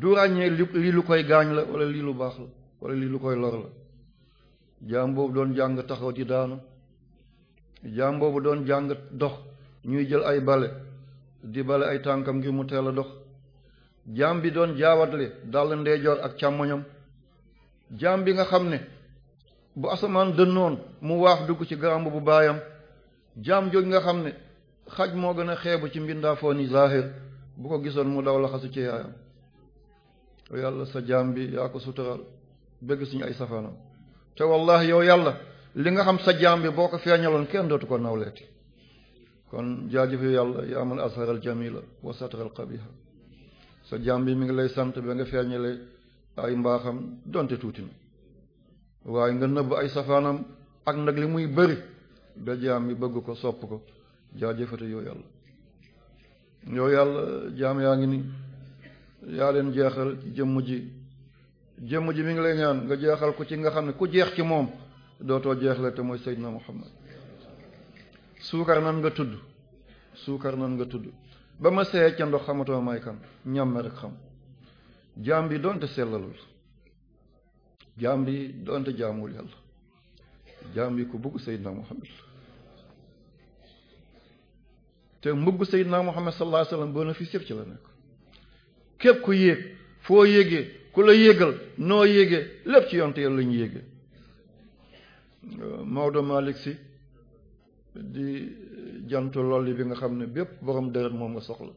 du ràññee lii lu koy gaañ la wala lii lu baax la wala lii lu koy lor la jaam boobu doon jàng taxaw di daanu jaam boobu doon jàng dox ñuy jël ay bale di bale ay tànkam ngir mu teel a dox jaam bi doon jaawatle dal ndeejoor ak càmmoñam jaam bi nga xam ne bu asamaan dënnoon mu waax dugg ci garamb bu baayam jaam jooj nga xam ne xaj moo gën a xeebu ci mbindaa ni zahir bu ko gisoon mu daw laxasu ci yaayam yow yàlla sa jaam bi yaa ko sutural bëgg suñu ay safaanam te wallahi yow yàlla li nga xam sa jaam bi boo ko feeñaloon kenn dootu ko nawleeti kon jaajëf yow yàlla yaa man asharal jamila wa satral sa jaam bi mi ngi lay sant ba nga feeñale ay mbaaxam donte tuuti waaye nga nëbb ay safaanam ak nag li muy bëri ba jaam bi bëgg ko sopp ko jaajëfate yow yàlla yow yàlla jaam yaa ngi nii yaa leen jeexal ci jëmm ji jëmm ji mi ngi lay ñaan nga jeexal ko ci nga xam ne ku jeex ci moom dootoo jeexle te mooy Seydina Muhammad suukar nan nga tudd suukar nan nga tudd ba ma seeyee ca ndox xamatoo may kan ñàmme rek xam jaam bi doonte sellalul jaam bi doonte jaamul yàlla jaam bi ku bëgg Seydina Muhammad te mbëgg Seydina Muhammad sallallahu alayhi wasallam bénéfice yëpp ci la nekk képp ku yéeg foo yéegee ku la yéegal noo yéegee lépp ci yonte yàlla lañu yéegee Maodo Malick si di jantu lolli bi nga xam ne bépp borom deret moom nga soxla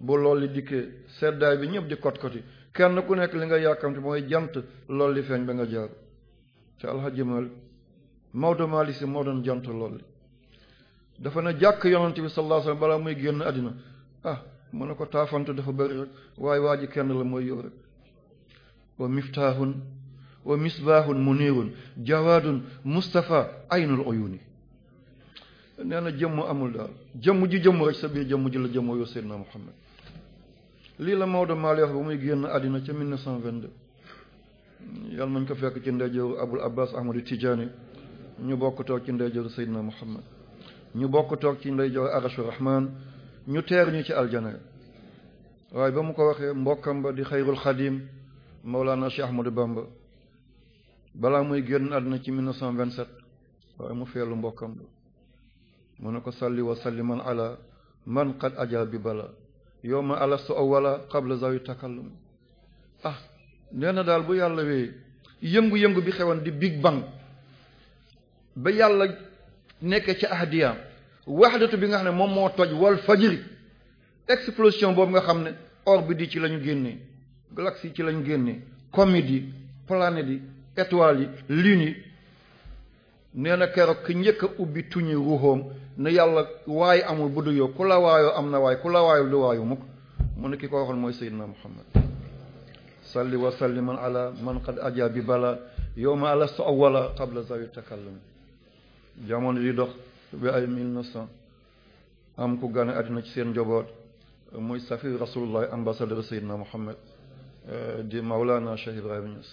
bu lool lolli dikkee seddaay bi ñëpp di kot-koti kenn ku nekk li nga yàkkamte mooy jant lolli feeñ ba nga jaar te alxaji Malick Maodo Malick moo doon jant lolli dafa ne jàkk yonante bi sallallahu alayhi balaa muy génn àddina ah mu ne ko taafante dafa bëri rek waaye waa ji kenn la mooy yow rek wa miftaahun wa misbaahun muniirun jawaadun mustafa aynul uyuni nee na jëmm amul daal jëmm ji jëmm rek sa biir jëmm ji la jëmmoo yow Seydina Muhammad lii la Maodo Malick wax ba muy génn àddina ca 1922 yàlla nañ ko fekk ci ndeyjooru Abul Abbas Ahmadu Tijaani ñu bokk toog ci ndeyjooru Seydina Muhammad ñu bokk toog ci ndeyjooru Arashu Rahman ñu teer ñu ci aljana waaye ba mu ko waxee mbokkam ba di xayrul xadim Mawlana Cheikh Ahmadou Bamba balaa muy génn àdduna ci 1927 waaye mu feelu mbokkam ba mu ne ko salli wa salliman man qad ajal bi bala yow ma alastu awwala qabla zawi takallum ah nee na daal bu yàlla wee yëngu-yëngu bi xewoon di big bang ba yàlla nekk ci ahdiyaam wax waxdatu bi nga xam ne moom moo toj wal fajiri explosion boobu nga xam ne or bi di ci la ñu génnee galaxie ci la ñu génnee comètes yi planètes yi étoiles yi lune yi nee na keroog ki njëkk a ubbi tuñi ruuxoom ne yàlla waaye amul bu du yow ku la waayoo am na waay ku la waayul du waayu mukk mu ne ki ko waxoon mooy Seydina Muhammad salli wa salliman ala man qad aja bi bala yow ma alastu awwala qabla zawi takallam jamono di dox ba ay mille neuf cent am ku gane àddina ci seen njaboot muy safi rasulullah ambassadeur Seydina Muhammad eh, di Maulana Cheikh Ibrahima Niass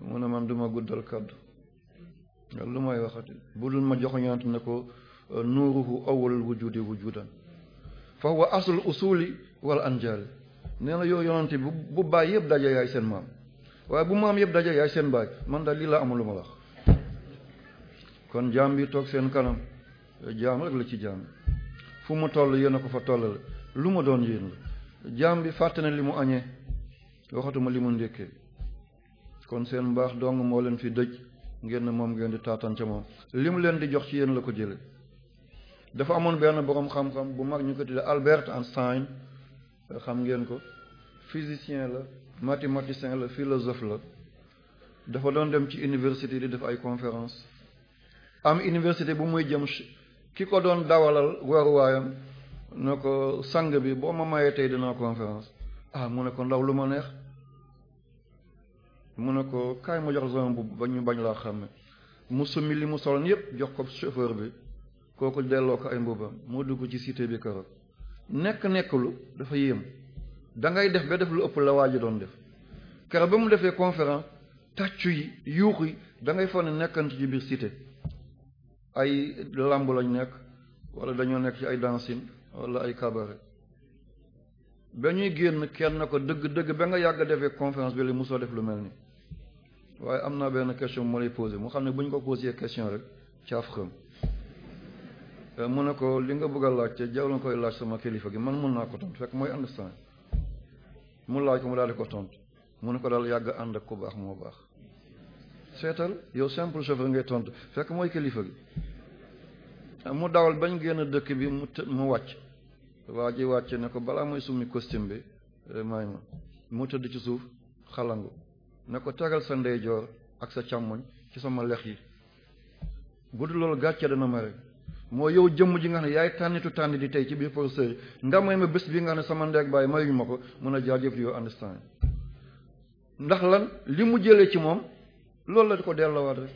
mu ne man duma ma guddal kàddu lu may waxati bu dul ma joxoñante ne ko eh, nuuruhu awwalul wujudi wujudan fa huwa aslul usuli wal anjaali nee na yow bu bu baay yëpp daje yaay seen maam waaye bu maam yëpp daje yaay seen baay man daal lii laa amul lu ma wax kon jaam bi toog seen kanam jaam rek la ci jaam fu mu toll yéen a ko fa tollal lu ma doon yéen la jaam bi fàtte li mu añee waxatuma li mu ndékkee kon seen baax dong moo leen fi dëj ngeen moom ngeen di taataan ca moom li mu leen di jox ci yéen la ko jële dafa amoon benn boroom xam-xam bu mag ñu ko tuddee Albert Einstein xam ngeen ko physicien la mathématicien la philosophe la dafa doon dem ci université di def ay conférence am université bu muy jëm ki ko doon dawalal waruwaayam ne ko sang bi boo ma mayee tey dinaa conférence ah mu ne ko ndaw lu ma neex mu ne ko kaay ma jox sama mbubb ba ñu bañ laa xàmme mu summi li mu soloon yépp jox ko chauffeur bi kooku delloo ko ay mbubbam moo dugg ci cité bi keroog nekk nekklu dafa yéem da ngay def ba def lu ëpp la waa ji doon def keroog ba mu defee conférence tàccu yi yuux yi da ngay foog ne nekkante ci ay làmb lañ nekk wala dañoo nekk ci ay dancing wala ay cabaret ba ñuy génn kenn na ko dëgg-dëgg ba nga yàgg defee conférence bi li mosoo def lu mel ni waaye am naa benn question moo lay posé mu xam ne bu ñu ko posee question rek caaf xam euh, mu ne ko li nga bëgg laaj te jaw la koy laaj sama kilifa gi man mun naa ko tontu fekk mooy understand mu laaj ko mu daal di ko tontu mu ne ko daal yàgg ànd ak ku baax moo baax seetal yow simple chauffeur ngay tontu fekk mooy kilifa gi ah, mu dawal bañ génn dëkk bi mu mu wàcc waa ji wàcc ne ko balaa mooy summi costume bi eh, may ma mu tëdd ci suuf xalangu ne ko tagal sa ndeyjoor ak sa càmmoñ ci sama lex yi bu dul loolu gàcce dana ma rek moo yow jëmm ji nga xam ne yaay tànnitu tànni di tey ci biir professeur yi nga may ma bés bi nga xam ne sama ndeeg bàyyi mayuñu ma ko mën a jaajëf yow understand ndax lan li mu jëlee ci moom loolu la di ko delloowaat rek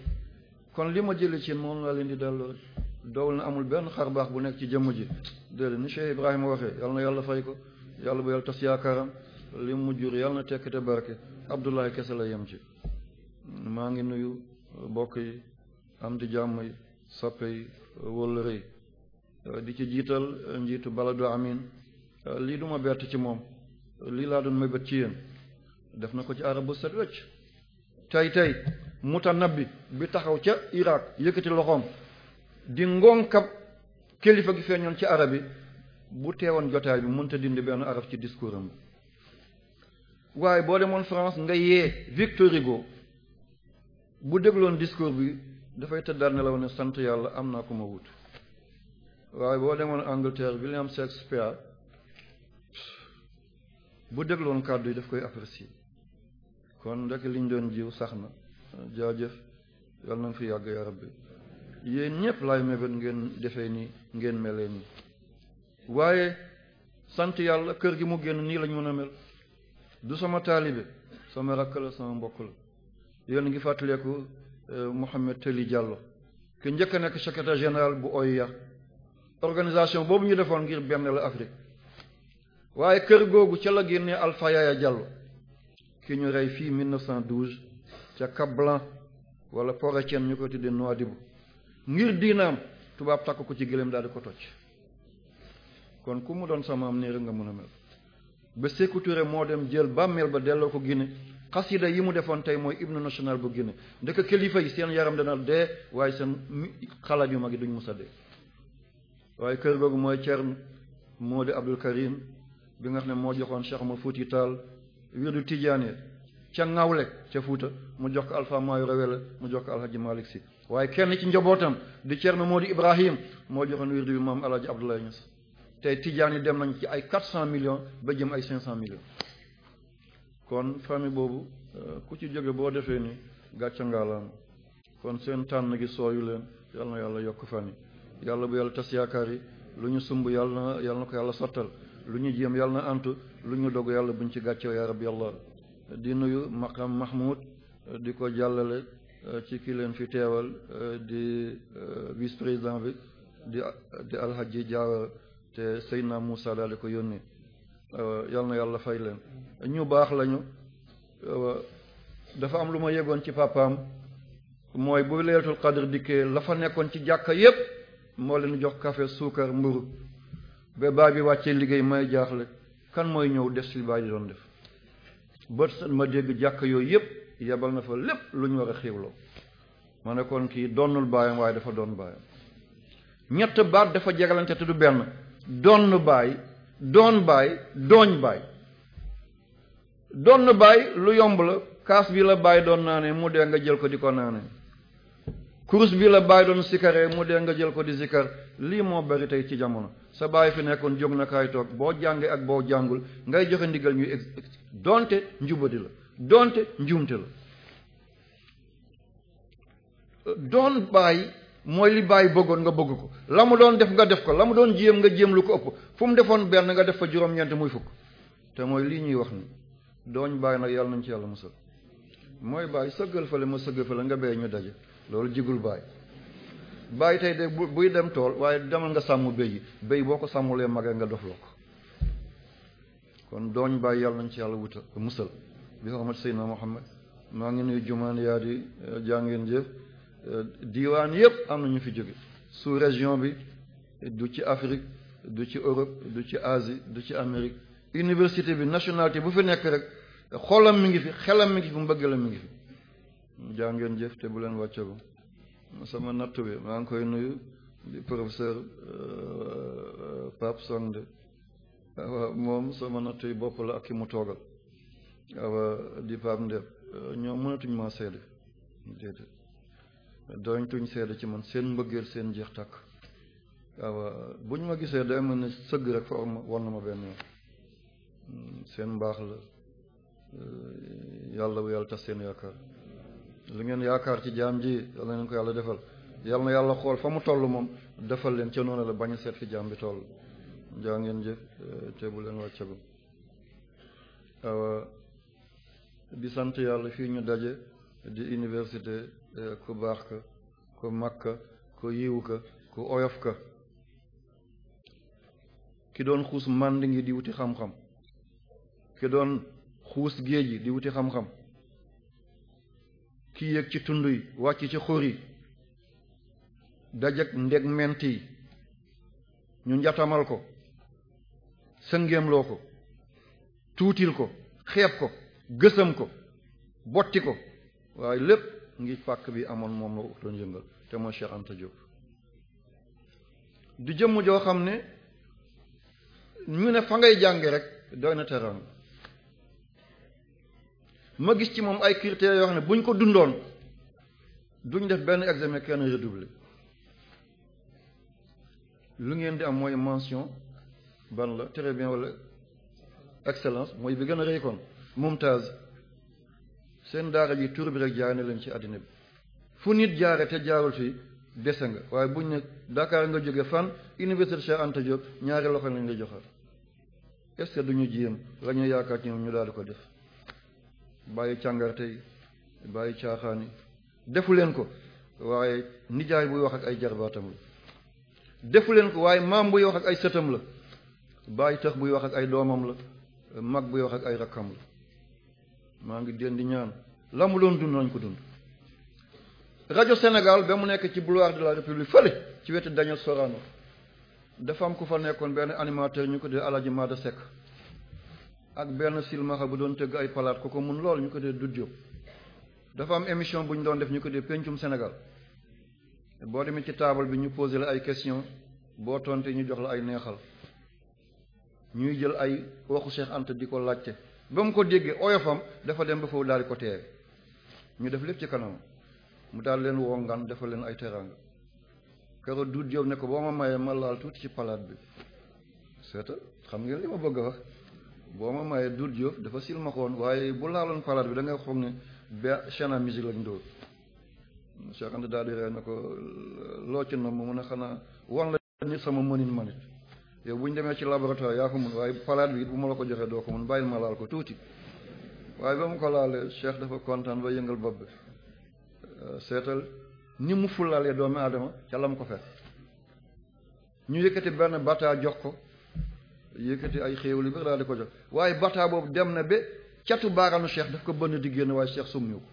kon li ma jëlee ci moom laa leen di delloo rek doowul na amul benn xar baax bu nekk ci jëmm ji déedéet ni Cheikh Ibrahima waxee yàlla na yàlla fay ko yàlla bu yàlla tas yaakaaram li mu jur yàlla na tekk te barke Abdoulaye kese la yem ci maa ngi nuyu mbokk yi am di jàmm yi soppe yi wóllëre yi di ci jiital njiitu baladu amin lii duma bett ci moom lii laa doon may bët ci yéen def na ko ci arab bu set wecc tey tey mutanabbi bi bi taxaw ca Irak yëkkati loxoom di ngonkab kilifa gi feeñoon ci arab yi bu teewoon jotaay bi mënta dindi benn arab ci discours am waaye boo demoon France nga yee Victor Hugo bu dégloon discours bi dafay tëddaat ne la woon sant yàlla am naa ko ma wut waaye boo demoon Angleterre William Shakespeare bu dégloon kàddu yi daf koy apprécier kon ndek liñ doon jiw sax na jaajëf yal na fi yàgg ya rabbi yéen ñëpp laay mébét ngeen defee nii ngeen melee nii waaye sant yàlla kër gi mu génn nii lañ mën a mel du sama taalibe sama rakk la sama mbokk la yéen ngi fàttaleeku euh, Mouhamed Teli Diallo ki njëkk a nekk secrétaire général bu OIA organisation boobu ñu defoon ngir benn la Afrique waaye kër googu ca la génnee Alpha Yaya Diallo ki ñu rey fii 1912 ca Cap Blanc wala Port Étienne ñu koy tuddee Nouadhibou ngir diinaam tubaab takk ko ci gëléem daal di ko toj kon ku mu doon sama am nii rek nga mën a mel ba Sékou moo dem jël bàmmeel ba delloo ko Guinée xasida yi mu defoon tey mooy hymne national bu Guinée ndeke kilifa yi seen yaram dana dee waaye seen xalaat yu mag yi duñ musa dee waaye kër googu mooy Thierno moo di Abdul Karim bi nga xam ne moo joxoon Cheikh Oumar Fouti Tall wirdu Tidiane ca Ngawle ca Fouta mu jox ko Alpha Maayo Rawela mu jox ko Alhaji Malick Sy waaye kenn ci njabootam di Thierno Modou Ibrahim moo joxoon wirdu bi moom Alhaji Abdoulaye Niass tey Tidjane yi dem nañ ci ay quatre cent millions ba jëm ay cinq cent kon famille boobu euh, ku ci jóge boo defee ni gàcce ngaalaam kon seen tànn gi sooyu leen yal yàlla yokk famille yàlla bu yàlla tas yaakaar yi lu ñu sumb yàlla na yàlla na ko yàlla sottal lu ñu jéem yàlla na antu lu ñu dogg yàlla buñ ci gàcce yaa rabbi yàlla di nuyu maqam di ko jàllale euh, ci ki leen fi teewal euh, di euh, vice président bi di di alhaji jaara te Seydina Moussa daal di ko yónnee yal na yàlla fay leen ñu baax lañu dafa am lu ma yegoon ci papaam mooy bu leelatul qadr dikkee la fa nekkoon ci jàkka yépp moo leen jox café suukar mburu ba baay bi wàccee liggéey may jaaxle kan mooy ñëw def si baay di doon def bët ma dégg jàkka yooyu yépp yebal na fa lépp lu ñu war a xiwloo ma ne kii donnul baayam waaye dafa doon baayam ñett baat dafa jegalante te du benn donn baay doon baay dooñ baay donn baay lu yomb la kaas bi la baay doon naanee mu dee nga jël ko di ko naanee kurus bi la baay doon sikaree mu dee nga jël ko di sikar lii moo bari tey ci jamono sa baay fi nekkoon jóg na kaay toog boo jàngee ak boo jàngul ngay joxe ndigal ñuy donte njubadi la doonte njuumte la doon bàyyi mooy li bàyyi bëggoon nga bëgg ko la mu doon def nga def ko la mu doon jéem nga jéem lu ko ëpp fu mu defoon benn nga def fa juróom-ñeent muy fukk te mooy lii ñuy wax ni dooñ bàyyi nag yàlla nañ ci yàlla musal mooy bàyyi sëggal fale ma sëggal fale nga bey ñu daje loolu jigul bàyyi bàyyi tey de buy dem tool waaye demal nga sàmm béy yi béy boo ko sàmmulee magee nga dof loo ko kon dooñ bàyyi yàlla nañ ci yàlla wutal musal bi rahmat sayyidina Muhammad maa ngi nuy jumaan yaa di euh, jàngeen jëf euh, diwaan yëpp am na ñu fi jóge sous région bi du ci Afrique du ci Europe du ci Asie du ci Amérique université bi nationalité bu fi nekk rek xolam mi ngi fi xelam mi ngi fi mbëggelam mi ngi fi jàngeen jëf te bu leen wàcceeku sama nattu bi maa ngi koy nuyu di professeur euh, Pape Sande waaw moom sama nattu bopp la ak ki mu toogal awa di Pape Ndeb euh, ñoom mënatuñ maa seede déedéet doñtuñ seede ci man seen mbëggeel seen jeex takk awa bu ñu ma gisee day mel ne sëgg rek fa won na ma benn yoon hmm, seen mbaax la euh, yàlla bu yàlla tas seen yaakaar li ngeen yaakaar ci jaam ji yàlla ngeen ko yàlla defal yàlla na yàlla xool fa mu toll moom defal leen ca noonu la bañ a seet fi jaam bi toll jaa ngeen jëf euh, te leen wàcce ba di sant yàlla fi ñu daje di université eh, ku baax ka ku mag ka ku yiw ka ku oyof ka ki doon xuus mànd ngi di wuti xam-xam ki doon xuus géej gi di wuti xam-xam ki yéeg ci tund yi wàcc ci xur yi dajak ndeg ment yi ñu njatamal ko sëngeemloo ko tuutil ko xeeb ko gësam ko botti ko waaye lépp ngi pàkk bi amoon moom la doon yëngal te mooy Cheikh Anta Diop di jëmm joo xam ne ñu ne fa ngay jànge rek doy na terrain ma gis ci moom ay critères yoo xam ne buñ ko dundoon duñ def benn examen kenn redoublé lu ngeen di am mooy mention ban la très bien wala excellence mooy bi gën a rëy kon Mumtaz seen daara ji tur bi rek jaare leen ci àddina bi fu nit jaare te jaarul fi dese nga waaye buñ ne Dakar nga jóge fan université Cheikh Anta Diop ñaari loxo lañ la joxal est-ce que duñu jéem la ñu yaakaar ci ñoom ñu daal ko def bàyyi càngarte yi bàyyi caaxaan yi defu leen ko waaye nijaay buy wax ak ay jarbaatam la defu leen ko waaye maam buy wax ak ay sëtam la bàyyi tax buy wax ak ay doomam la mag buy wax ak ay rakkam la maa ngi den di ñaan la mu doon dund nañ ko dund rajo Sénégal ba mu nekk ci boulevard de la République fële ci wetu Daniel Sorano dafa am ku fa nekkoon benn animateur ñu ko dee Alaaji Maada Seck ak benn silmaxa bu doon tëgg ay palaat ku ko mun lool ñu ko dee Dut Diop dafa am émission bu ñu doon def ñu ko dee pencum Sénégal boo demee ci taabal bi ñu posé la ay question boo tontee ñu jox la ay neexal ñuy jël ay waxu Cheikh ant di ko laajte ba mu ko déggee oyofam dafa dem ba foofu daal di ko teere ñu def lépp ci kanam mu daal leen woo ngan defal leen ay teranga keroog duut Diop ne ko boo ma mayee ma laal tuuti ci palaat bi seetal xam ngeen li ma bëgg a wax boo ma mayee duut Diop dafa silmaxoon waaye bu laaloon palaat bi da nga xoog ne ba chaîne à musique lañ dóor Cheikh daal di ree ne ko loo ci nomm mu ne xanaa wan la nit sama mënin manit yow bu ñu demee ci laboratoire yaa ko mun waaye palaat bi it bu ma la ko joxee doo ko mun bàyyil ma laal ko tuuti waaye ba mu ko laalee cheikh dafa kontaan ba yëngal bopp bi euh, seetal ni mu fulaalee doomi aadama ca lam ko fekk ñu yëkkati benn bataa jox ko yëkkati ay xéewal yu bëri di ko jox waaye bataa boobu dem na bi catu baaraanu cheikh daf ko bënn di génn waaye cheikh summiw ko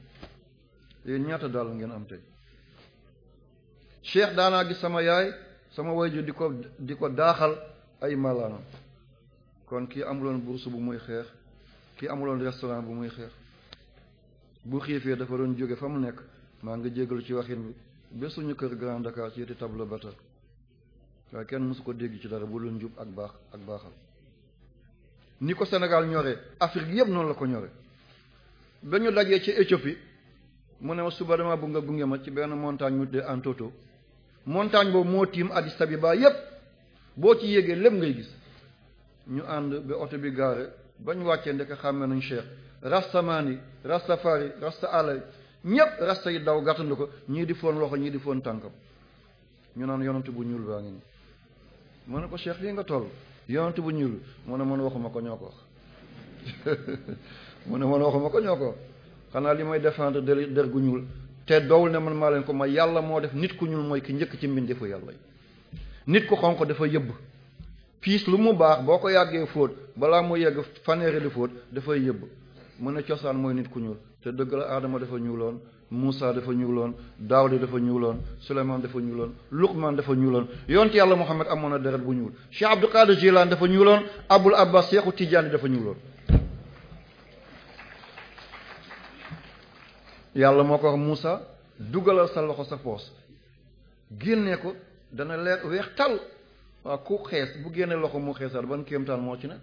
yéen ñaata daal ngeen am tey cheikh daanaa gis sama yaay sama wayju di ko di ko daaxal ay malaana kon kii amuloon bourse bu muy xeex kii amuloon restaurant bu muy xeex bu xiifee dafa doon jóge fa mu nekk maa ngi jégalu ci waxin bi ba kër Grand Dakar ci yéti tableau bata waaye kenn mësu ko dégg ci dara bu lu njub ak baax ak baaxal ni ko senegal ñore Afrique yëpp noonu la ko ñore ba ñu dajee ci Éthiopie mu ne ma suba dama bu nga gunge ma ci benn montagne ñu de Antoto montagne boobu moo tiim Addis Abeba yëpp boo ci yéegee lépp ngay gis ñu ànd ba oto bi gaare bañ wàccee ndek xàmmee nañ Cheikh rastamani yi rasta yi ñépp rasta yi daw gàttandu ko ñii di foon loxo ñii di foon tànkam ñu naan yonante bu ñuul baa ngi nii mu ne ko Cheikh lii nga toll yonante bu ñuul mu ne man waxuma ko ñoo ko ne man waxuma ko ñoo ko wax xanaa li may défendre der der gu ñuul te dowul ne man maa leen ko ma yàlla moo def nit ku ñuul mooy ki njëkk ci mbindeefu yàlla yi nit ku xonq dafa yëbb piis lu mu baax boo ko yàggee fóot balaa mu yegg fanweeri di fóot dafay yëbb mu ne cosaan mooy nit ku ñuul te dëgg la Adama dafa ñuuloon Moussa dafa ñuuloon Daawuda dafa ñuuloon Souleymane dafa ñuuloon Luqman dafa ñuuloon yonent yàlla Muhammad amoon na deret bu ñuul Cheikh Abdul Qadir Jilani dafa ñuuloon Abul Abbas Seexu Tijaani dafa ñuuloon yàlla moo ko wax Moussa dugalal sa loxo sa poos génnee ko dana leer weex tal waaw ku xees bu génne loxo mu xeesaat ban kéemtaan moo ci nekk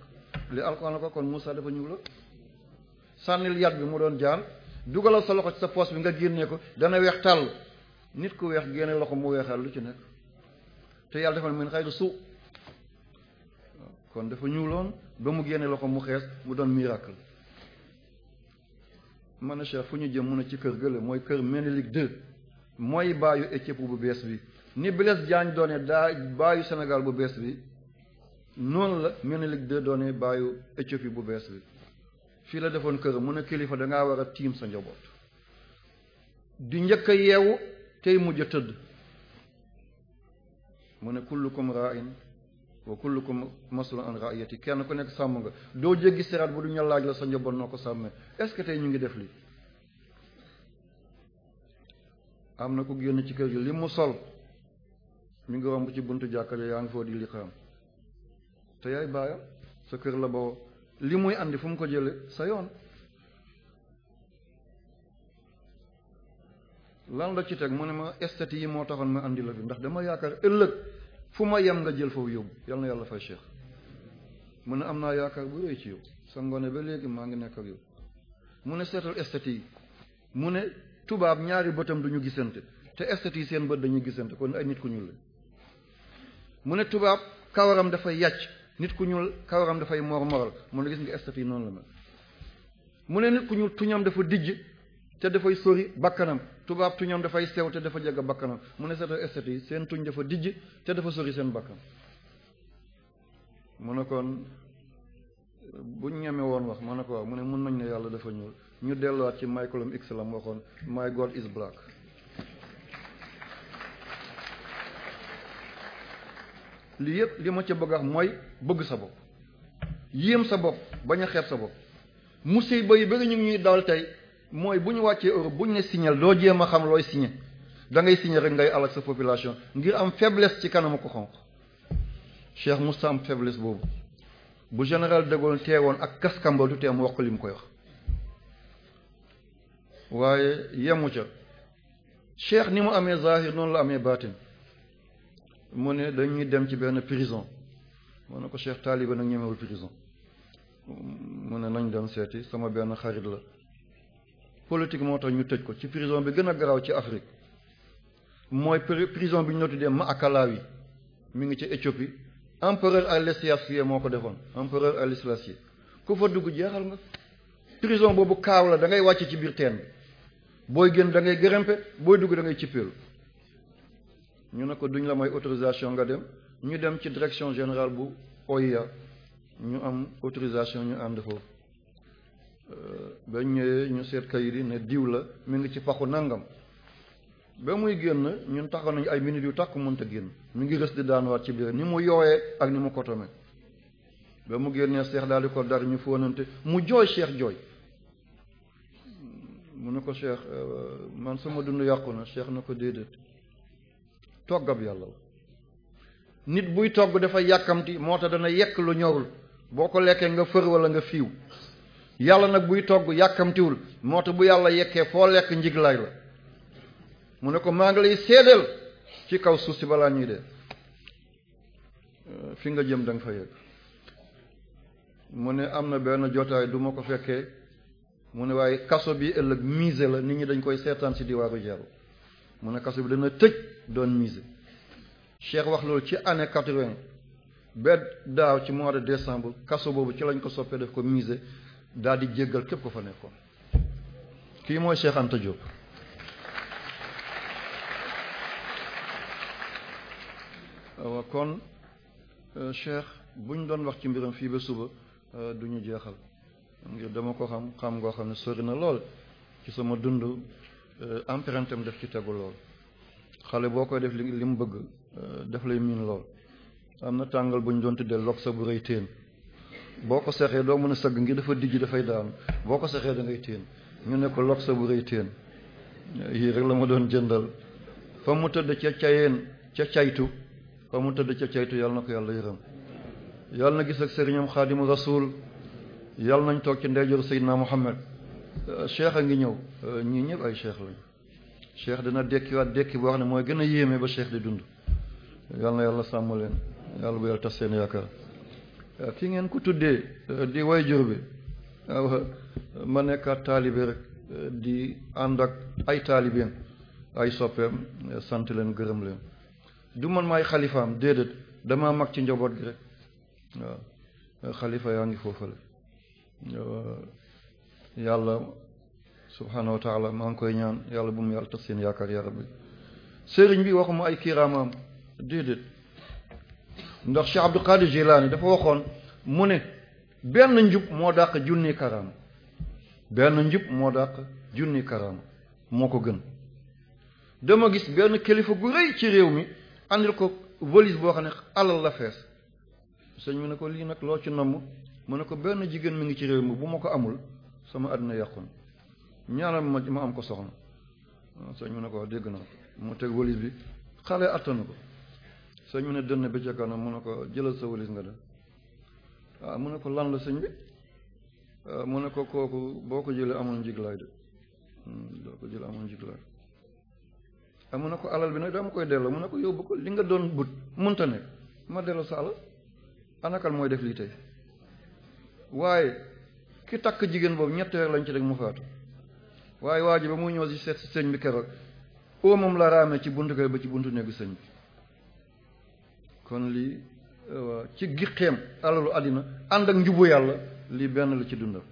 li alxuraan la ko kon Moussa dafa ñuulal sànnil yat bi mu doon jaar dugalal sa loxo ci sa poos bi nga génnee ko dana weex tàll nit ku weex génne loxo mu weexal lu ci nekk te yàlla defal min xayru su kon dafa ñuuloon ba mu génne loxo mu xees mu doon miracle man a fu ñu jëm mu a ci kër gële mooy kër Ménélik 2 mooy baayu Éthiopie bu bees bi ni Blaise Diagne doone daa baayu Sénégal bu bees bi noonu la Menelik de doone baayu Éthiopie bu bees bi fii la defoon kër mu ne kilifa dangaa war a tiim sa njaboot di njëkk a yeewu tey mujj a tëdd mu ne kullukum ra'in wa kullukum mas'ulun an ra'iyati kenn ku nekk sàmm nga doo jéggi siraat bu du ñu la sa njaboot noo ko sàmmee est-ce ñu ngi def lii am na ko génn ci kër li mu sol mi ngi romb ci buntu jàkka yaa ngi foo di liqaam te yaay baayam sa kër la boo li muy àndi fu mu ko jële sa yoon lan la ci teg mu ne ma esthétique yi moo taxoon ma andi la fi ndax dama yaakaar ëllëg fu ma yem nga jël foofu yóbbu yal na yàlla fay cheikh mu ne am naa yaakaar bu rëy ci yow sa ngoone ba léegi maa ngi nekk ak yow mu ne seetal esthétique yi mu ne tubaab ñaari bëtam duñu gisante te esthétique yi seen bët dañuy gisante kon ay nit ku ñuul mu ne tubaab kawaram dafa yàcc nit ku ñuul kawaram dafay mor moral mu ne gis nga yi noonu la mel mu ne nit ku ñuul tuñam dafa dijj te dafay sori bakkanam tubaab tuñam dafay sew te dafa jege bakkanam mu ne seetal estati yi seen tuñ dafa dijj te dafa sori seen bakkan mu ne kon bu ñu woon wax ma ne ko mu ne mun nañ ne yàlla dafa ñuul ñu delluwaat ci Malcolm X la mu waxoon my God is black lii yëpp li ma ca bëgg a mooy bëgg sa bopp yéem sa bopp bañ a sa bopp musiba yi bëri ñu ngi daal tey mooy bu ñu wàccee Europe bu ñu ne signal doo jéem a xam looy signé da ngay signé rek ngay alak sa population ngir am faiblesse ci kanamu ko xonq Cheikh Moussa am faiblesse boobu bu général de Gaulle teewoon ak kaskambal te mu wax ko li mu koy wax waaye yemu ca Cheikh ni mu amee zahir noonu la amee baatin mu ne dañuy dem ci benn prison mu ne ko Cheikh Taaliba nag ñemewul prison mu ne nañ dem seeti sama benn xarit la politique moo tax ñu tëj ko ci prison bi gën a garaaw ci Afrique mooy prison bi ñu la tuddee Maakalawi mu ngi ci Éthiopie empereur Haile Selassie moo ko defoon empereur Haile Selassie ku fa dugg jeexal nga prison boobu kaaw la da ngay wàcc ci biir teen bi booy génn da ngay gërëmpe booy dugg da ngay cippeelu ñu ne ko duñ la may autorisation nga dem ñu dem ci direction général bu OIA ñu am autorisation ñu ànd foofu euh, ba ñëwee ñu seet kayit yi ne diw la mi ngi ci paxu nangam ba muy génn ñun taxaw nañu ay minutes yu takk mënta génn mi ngi rës di daanuwaat ci biir ni mu yooyee ak ni mu kotome ba mu génnee seex daal di ko dar ñu fóonante mu jooy seex jooy mu ne ko seex euh, man sama dund yàqu na seex na ko déedéet toggab yàlla la nit buy togg dafa yàkkamti moo tax dana yekk lu ñorul boo ko lekkee nga fër walla nga fiiw yàlla nag buy togg yàkkamtiwul moo tax bu yàlla yekkee foo lekk njiglaay la mu ne ko maa ngi lay seedeel ci kaw suuf si balaa ñuy dee fi nga jëm da nga fa yegg mu ne am na benn jotaay duma ko fekkee mu ne waaye kaso bi ëllëg musée la nit ñi dañ koy seetaan si diwaaru jeeru mu ne kaso bi dana tëj doon musée Cheikh wax loolu ci année quatre-vingt ba daaw ci mois de décembre kaso boobu ci lañ ko soppee def ko musée daal di jéggal képp ko fa nekkoon kii mooy Cheikh Anta Diop kon euh, Cheikh bu ñu doon wax ci mbiram fii ba suba euh, du ñu jeexal ngir dama ko xam xam ngoo xam ne sori na lool ci sama dund euh, emprunté am ci tegu lool xale boo koy def li li mu bëgg euh, daf lay miin lool am na tàngal bu ñu doon tuddee log bu rëy teen boo ko seexee doo mën a sëgg ngir dafa dijj dafay daanu boo ko sexee da ngay teen ñu ne ko log bu rëy teen yii rek la ma doon jëndal fa mu tëdd ca cayeen ca caytu fa mu tëdd ca caytu yàlla na ko yàlla yërëm yàlla na gis ak sëriñam xaadimu rasul yàlla nañ toog ci ndeyjoor Seydina Muhammad euh, cheikh a ngi ñëw euh, ñii ñëpp ay cheikh lañ cheikh dina dekkiwaat dekki boo xam ne mooy gën a yéeme ba cheikh di dund yal na yàlla sàmm leen yàlla bu yàlla tas seen yaakaar euh, ki ngeen ko tuddee euh, di wayjur bi ma nekkaat taalibe rek euh, di ànd ak ay taalibeem ay soppeem sant leen gërëm leen du man maay xalifaam déedéet damaa mag ci njaboot gi rek waaw xalifa yaa ngi foofale yàlla subhaanahu wa maa ngi koy ñaan yàlla bu mu yàlla tas seen yaakaar ya rabbi sëriñ bi waxuma ay kiiraamaam déedéet ndax Cheikh Abdul Qadir Jilani dafa waxoon mu ne benn njub moo dàq junni karaama benn njub moo dàq junni karaama moo ko gën dama gis benn kilifa gu rëy ci réew mi àndil ko valise boo xam ne alal la fees sëñ mi ne ko lii nag loo ci namm mu ne ko benn jigéen mi ngi ci réew mi bu ma ko amul sama àddina yàqu ñaanal ma ma am ko soxna ah, sëñ mu ne ko dégg na mu teg walis bi xale attanu ko sëñ mu ne dënn bi ca kanam mu ko jëlal sa walis nga de waaw ah, mu ne ko lan sëñ bi ah, mu ne ko kooku boo ko jëlee amul njiglaay de hmm, boo ko jëlee amul njiglaay ah mu ko alal bi nag dama koy delloo mu ne ko yóbbu ko li nga doon but mënta nekk ma delloo sa alal anakal mooy def lii tey waaye ki takk jigéen boobu ñett weer lañ ci deg mu faatu waaye waa ji ba muy ñëw si seet si sëñ bi keroog moom la raame ci buntu kër ba ci buntu néegu sëñ bi kon lii ci giqeem alalu àddina ànd ak njubu yàlla lii benn la ci dundal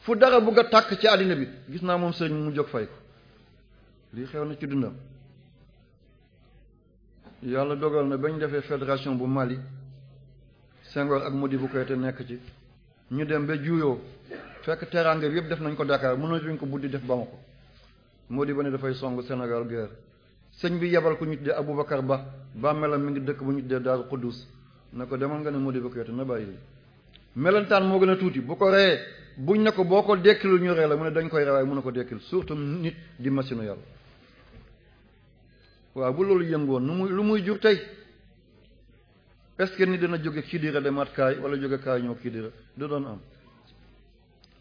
fu dara bugg a tàkk ci àddina bi gis naa moom sëñ mu jóg fay ko lii xew na ci dundam yàlla dogal na ba ñu defee fédération bu Mali Senghor ak Modibo Keïta nekk ci ñu dem ba juyoo fekk teraanga bi yëpp def nañ ko Dakar mënatuñ ko buddi def Bamako moo di ba ne dafay song Sénégal guerre sëñ bi yebal ku ñu tuddee Aboubacar Ba bàmmeelam mi ngi dëkk bu ñu tuddee Daaru Xuddus na ko demal nga ne moo di ba na bàyyi melentaan moo gën a tuuti bu ko reyee buñ ne ko boo ko dekkilul ñu rey la mu ne dañ koy rey mun a ko dekkil surtout nit di machine yàlla waaw bu loolu yëngoon nu muy lu muy jur tey est-ce que nit dina jóge Kidira demaat kaay wala jóge kaay ñëw Kidira du doon am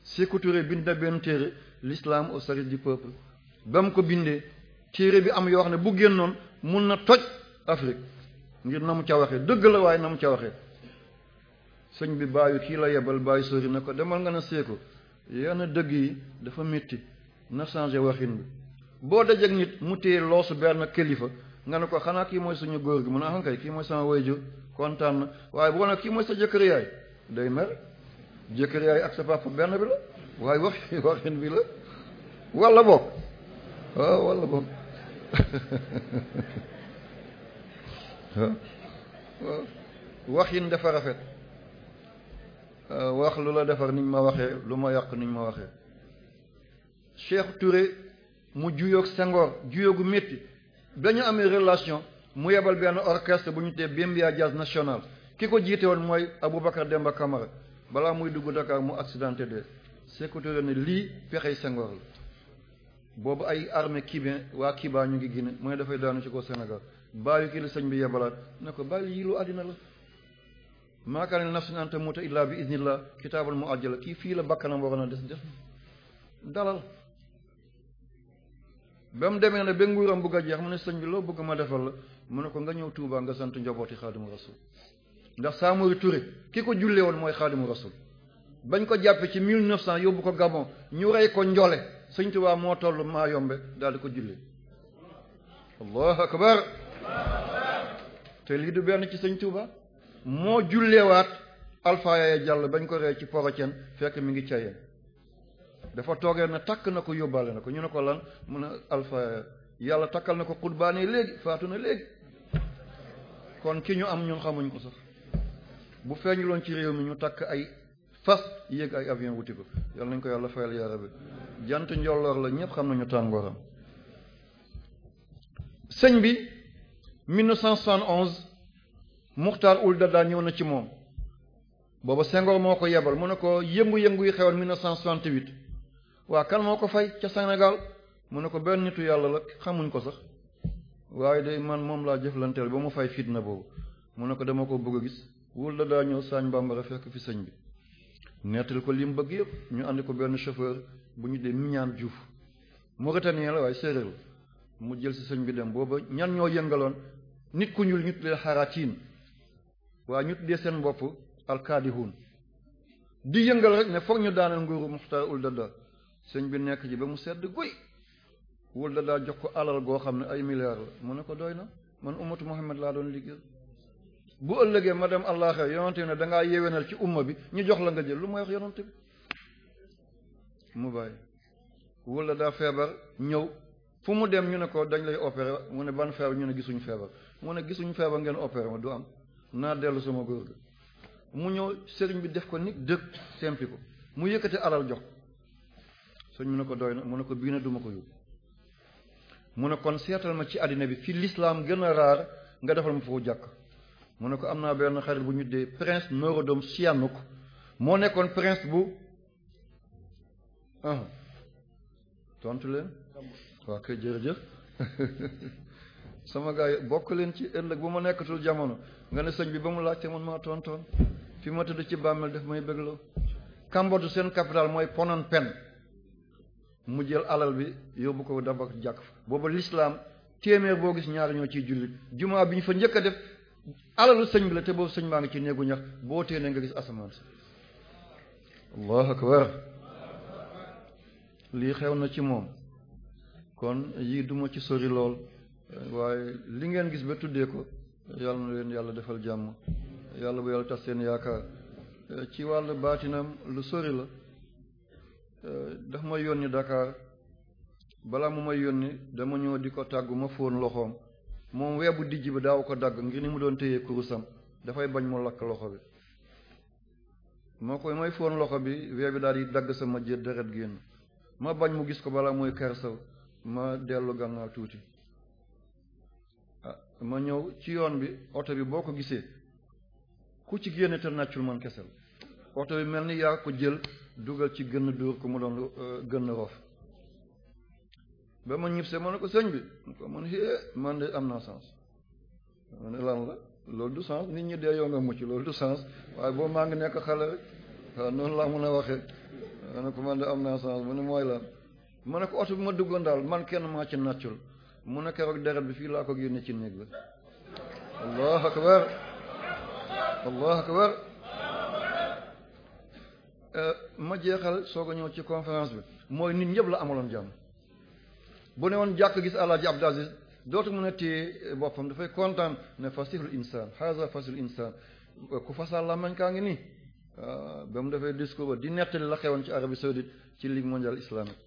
Sékou Touré bind na benn téere l'islam au service du peuple ba mu ko bindee téere bi am yoo xam ne bu génnoon mun na toj Afrique ngir na mu ca waxee dëgg la waaye na mu waxee sëñ bi bàyyi kii la yebal bàyyi sori na ko demal nga ne Sékou yenn dëgg yi dafa métti na changé waxin bi boo dajeek nit mu téye loosu benn kilifa nga ne ko xanaa kii mooy suñu góor gi mun a ah, xam kay kii mooy sama waajur kontaan na waaye boo ne kii mooy sa jëkkër yaay day mer jëkkër yaay ak sa papa benn bi la waaye wax waxin bi la walla boog waaw walla boog waxin dafa rafet euh, wax lu la defar niñ ma waxee lu ma yàq niñ ma waxee Cheikh Touré mu juyoog Senghor juyoogu métti ba ñu amee relation mu yebal benn orchestre bu ñu tee yaa Jazz National ki ko jiite woon mooy abu Aboubacar Demba Camara balaa muy dugg Dakar mu accidenté de sécurité la ne lii pexey Senghor la boobu ay armée Kibé waa Kiba ñu ngi Guinée mu ne dafay daanu ci ko senegal bàyyi kii la sëñ bi yebalaat ne ko bàyyi yi lu àddina la maakaane nafsin an tamuuta illaa bi iznillah kitaabul muajjal kii fii la bakkanam waroon a des def dalal ba mu demee ne ba nguuram bugg a jeex mu ne sëñ bi loo bëgg ma defal la mu ne ko nga ñëw tuubaa nga sant njabooti Xaadimu Rasuul ndax Samori Touré ki ko jullee woon mooy xaadimu rasul bañ ko jàppee ci mille neuf yóbbu ko Gabon ñu rey ko Njole Sëriñ Tuubaa moo toll maa yombe daal di ko jullee allahu akbar te lii du benn ci Sëriñ Tuubaa moo julleewaat Alpha Yaya Diallo bañ ko rey ci Porocen fekk mi ngi cayeen dafa toogee na takk na ko yóbbaale na ko ñu ne ko lan mun a Alpha yàlla takkal na ko xutbaane léegi faatu na léegi kon ki ñu am ñun xamuñ ko sax bu feeñuloon ci réew mi ñu takk ay fas yéeg ay avion wuti ko yal nañ ko yàlla fayal yaa rabbi jant njolloor la ñëpp xam nañu tàngooram sëñ bi 1971 Muxtaar ul Dada ñëw na ci moom boobu Senghor moo ko yebal mu ne ko yëngu-yëngu yu xewoon 1968 waa kan moo ko fay ca senegal mu ne ko benn nitu yàlla la xamuñ ko sax waaye de man moom laa jëflanteel ba mu fay fitna boobu mun na ko dama ko bëgg a gis wul da daa ñëw saañ bambara fekk fi sëñ bi nettali ko li mu bëgg yëpp ñu andi ko benn chauffeur bu ñu dee miñaan juuf Mauritanie la waaye séeréer la mu jël si sëñ bi dem booba ñan ñoo yëngaloon nit ku ñuul ñu tuddee xaratiin waaye ñu tuddee seen bopp alkaadihun di yëngal rek ne foog ñu daaneel nguuru Muxtaar ul Dada sëñ bi nekk ji ba mu sedd guy wul Dada jox ko alal goo xam ne ay milliards la mu ne ko doy na man umatu Muhammad laa doon liggéey bu ëllëgee ma dem àllaaxira yonente bi ne dangaa yewenal ci umma bi ñu jox la nga jël lu may wax yonente bi mu bàyyi wala daa feebar ñëw fu mu dem ñu ne ko dañ lay opéré mu ne ban feebar ñu ne gisuñu feebar mu ne gisuñu feebar ngeen opéré ma du am naa dellu sama góor gi mu ñëw sëriñ bi def ko ni dëkk sempi ko mu yëkkate alal jox sëñ mu ne ko doy na mu ne ko bii na duma ko yóbbu mu ne kon seetal ma ci àddina bi fi l'islam gën a raar nga defal ma foofu jàkk mu ne ko am naa benn xarit bu ñu dee prince Norodom ko moo nekkoon prince bu ah tontu leen waa kay jërëjëf sama gaa yi bokk leen ci ëllëg bu ma nekkatul jamono nga ne sëñ bi ba mu laajte man maa tontoon fi ma tëdd ci bàmmeel daf may bégloo Cambodge seen capitale mooy Phnom Penh mu jël alal bi yóbbu ko dabak jàkk fa booba l'islam téeméer boo gis ñaari ñoo ciy jullit jumaa bi ñu fa njëkk a def alalu sëñ bi la te boobu sëñ maa ngi ci néegu ñax boo tee nga gis asamaan si allahu akbar lii xew na ci moom kon yii duma ci sori lool waaye li ngeen gis ba tuddee ko yàlla na leen yàlla defal jàmm yàlla bu yàlla tas seen yaakaar ci wàll baatinam lu sori la daf ma yónni Dakar balaa mu ma yónni dama ñëw di ko tàggu ma fóon loxoom moom webu dijj bi daaw ko dagg ngir ni mu doon téye kurusam dafay bañ mu lakk loxo bi moo koy mooy foon loxo bi wee bi daal di dagg sama jë deret génn ma bañ mu gis ko bala muy kersaw ma dellu gannaaw tuuti ah, ma ñëw ci yoon bi oto bi boo ko gisee ku ci génne te nàccul man kesel oto bi mel ni yaa ko jël dugal ci gën dóor ko mu doon euh, gën rof ba ma ñib see ma ne ko sëñ bi ko man é man de am naa sens ma ne lan la loolu du sens nit ñi dee yow nga mucc loolu du sens waaye boobu maa ngi nekk xale rek waaw noonu laa mun a waxee ma ne ko man am naa sens mooy lan ma ne ko ma duggoon daal man kenn maa ci naccul mu ne keroog deret bi fii laa ko génne ci néeg bi allahu akbar allahu akbar eh, ma jeexal soog a ñëw ci conférence bi mooy nit ñëpp la amaloon jàmm bu ne woon jàkk gis alaaji Abdul Aziz dootu mën a téye boppam dafay kontaan ne fasihul insaan haza fasihul insaan ku fasal la mañ kaa ngi nii ba mu defee discours ba di nettali la xewoon ci Arabie saoudite ci ligue mondiale islamique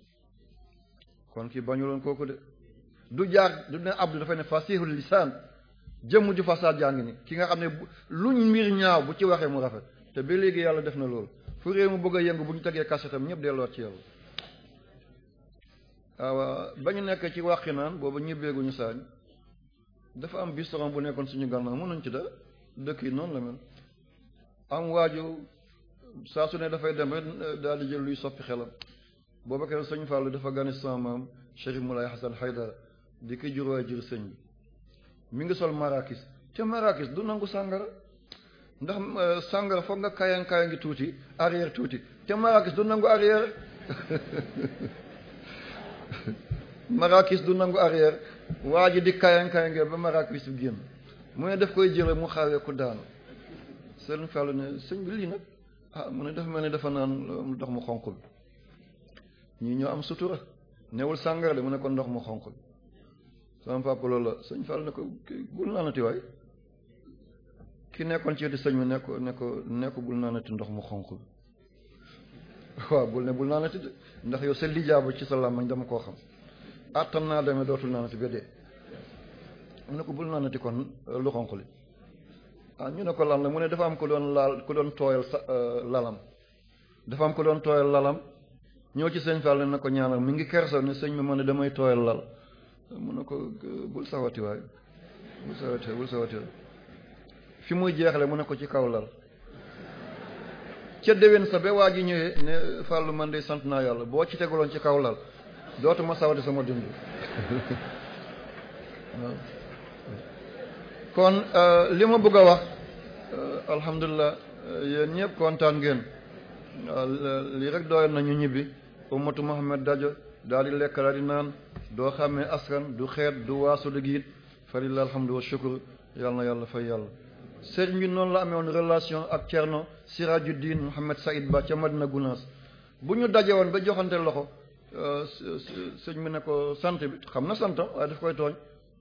kon kii bañuloon kooku de du jaar du ne Abdou dafay ne fasihul lisaan jëmm ju fasal jaa ngi nii ki nga xam ne luñ mbir ñaaw bu ci waxee mu rafet te ba léegi yàlla def na loolu fu réew mu bëgg a yëngu bu ñu tegee kasetam ñëpp delloo ci yàlla waaw ba ñu nekk ci wàqi naan boobu ñibbeeguñu saañ dafa am bistoran bu nekkoon suñu gànnaaw mënuñ ci da dëkk yi noonu la mel am waaju saa su ne dafay dem rek eh, daal di jël luy soppi xelam booba kenn sëñ Fallou dafa gane sama maam Cheikh Moulay Hassan Haydara di ki juróoy jur sëñ bi mi ngi sol marakis te marakis du nangu sàngara ndax eh, sàngara foog nga kaayang ngi tuuti arrière tuuti te marakis du nangu arrière marakis du nangu arrière waa ji di kayan kayange ba marakis bu génn mu ne daf koy jële mu xawee ku daanu sëñ Fallou ne sëñ bi lii nag ah mu ne dafa mel ni dafa naan euh, ndox mu xonq bi ñii ñoo am sutura newul sàngara de mu ne ko ndox mu xonq bi sama papa loolu la sëñ Fallou ne ko bul naanati waay ki nekkoon ci wetu sëñ bi ne ko ne ko ne ko bul naanati ndox mu xonq bi waaw bul ne bul naanati de ndax yow sa lijaaba ci sa làmmañ dama koo xam àttan naa demee dootul naanati ba dee mu ne ko bul naanati kon euh, lu xonq li ah ñu ne ko lan la mu ne dafa am ko doon laal ku doon tooyal sa euh, lalam dafa am ko doon tooyal lalam ñoo ci sëñ Fall na ko ñaanal mi ngi kersa ne sëñ bi ma ne damay tooyal lal mu ne ko euh, bul sawati waay bul sawati bul fi muy jeexle mu ne ko ci kaw lal ca déwén sa be waa ji ñëwee ne fàllu man de sant naa yàlla boo ci tegaloon ci kaw lal dootuma sawati sama dund kon euh, li ma bëgg a wax euh, alhamdulilah euh, yéen ñëpp kontaan ngeen lii rek doyoon nañu ñibbi ummatu Muhammad dajo daal di lekk daal di naan doo xàmmee askan du xeet du waasu du giit fa lillahi alhamdu wa yàlla na yàlla fay yàlla sëriñ bi noonu la amee woon relation ak Thierno Sirajuddin Mohamed Saïd Ba ca Madina Gounass bu ñu dajee woon ba joxante loxo euh, sëñ bi ne ko sant bi xam na santam waaye daf koy tooñ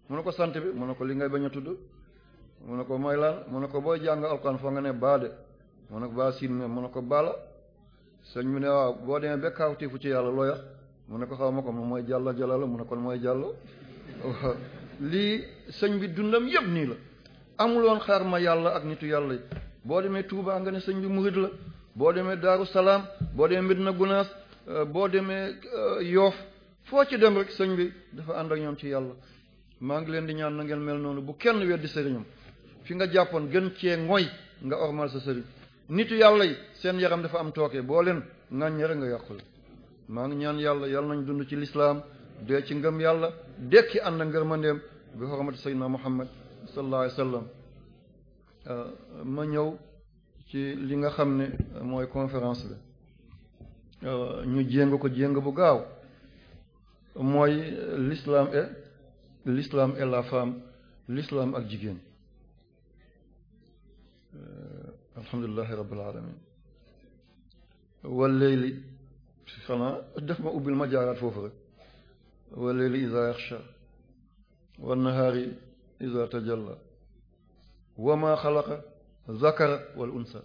mu ne ko sant bi mu ne ko li ngay bañ a tudd mu ne ko mooy lan mu ne ko booy jàng alxuraan foo nga ne baa de mu ne mu ne ko baala sëñ bi ne waaw boo demee ba ci yàlla looy mu ne ko xaw ma ko mooy jàlla jàlla la ne kon mooy jàlla lii sëñ bi dundam yëpp nii la amul woon xaar ma yàlla ak nitu yàlla yi boo demee Touba nga ne sëñ bi murid la boo demee Daaru Salaam boo demee na Gunaas euh, boo demee euh, Yoof foo ci dem rek sëñ bi dafa ànd ak ñoom ci yàlla maa ngi leen di ñaan na ngeen mel noonu bu kenn weddi sëriñam fi nga jàppoon gën cee ngoy nga ormal sa sëriñ nitu yàlla yi seen yaram dafa am tooke boo leen ŋàññe rek nga yàqule maa ngi ñaan yàlla yàlla nañ dund ci lislaam dee ci ngëm yàlla dekki ànd ngërmandeem bi xormati sayyidina Muhammad sallallahu alayhi wasallam euh, ma ñëw ci li nga xam ne mooy conférence bi euh, ñu jéng ko jéng bu gaaw mooy l'islam et la femme l'islam ak jigéen euh, alhamdulillahi rabbil alamin wallayli xanaa def ma ubbil ma jaaraat foofu rek wallayli iza yaxsha wannahaari iza tajalla wa ma xalaqa zakara wal unsa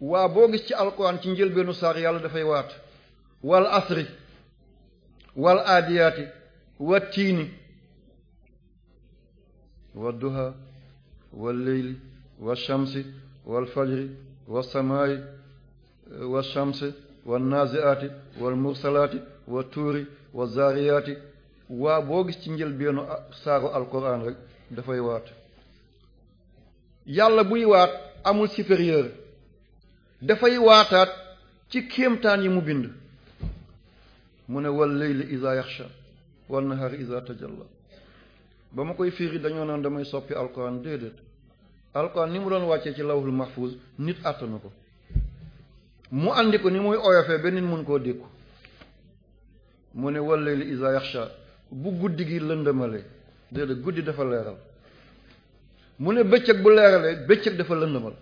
waa boo gis ci alquran ci njëlbeenu saar yàlla dafay waat wal asri wal aadiyaati wa tiini wa duha wal leyli wa shamsi wal fajri wa samaayi wa shamsi wa naaziaati wal mursalaati wa tuuri wa zaariyaati waa boo gis ci njëlbeenu saaru alquran rek dafay waat yàlla buy waat amul supérieur dafay waataat ci kéemtaan yi mu bind mu ne wal layli iza yaxsha wal nahaari iza tajalla ba ma koy firi dañoo naan damay soppi alquran déedéet alquran ni mu doon wàccee ci lawhul mahfuz nit àttanu ko mu andi ko ni muy oyofee ba nit koo dékku mu ne wal layli iza yaxsha bu guddi gi lëndëmale guddi dafa leeral mu ne bëccëg bu leeralee bëccëg dafa lëndëmal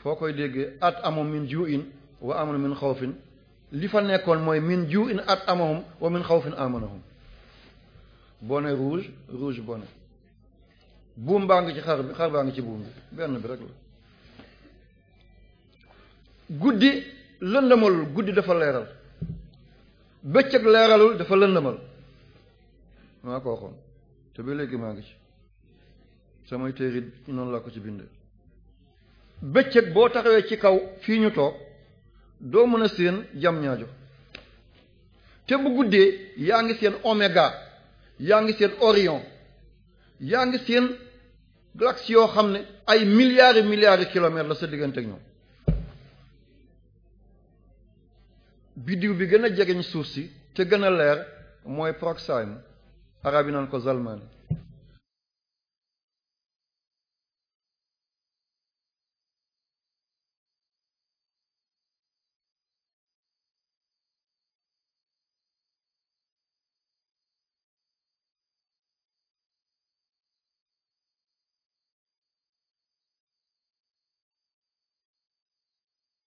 foo koy déggee at amoom min ju'in wa amanu xaw fin li fa nekkoon mooy min ju'in at amoom wa min xawfin amanahum bonnet rouge rouge bonnet buum baa ngi ci xar bi xar baa ngi ci buum bi benn bi rek la guddi lëndëmalul guddi dafa leeral bëccëg leeralul dafa lëndëmal maa ko waxoon te ba léegi maa ngi ci samay téere noonu laa ko ci bindee bëccëg boo taxawee ci kaw fii ñu toog doo mën a seen jam ñaajo te bu guddee yaa ngi seen oméga yaa ngi seen Orion yaa ngi seen galaxie yoo xam ne ay milliards et milliards la sa diggante ak biddiw bi gën a jegeñ suuf si te gën a leer mooy Proxime arab yi naan ko zalman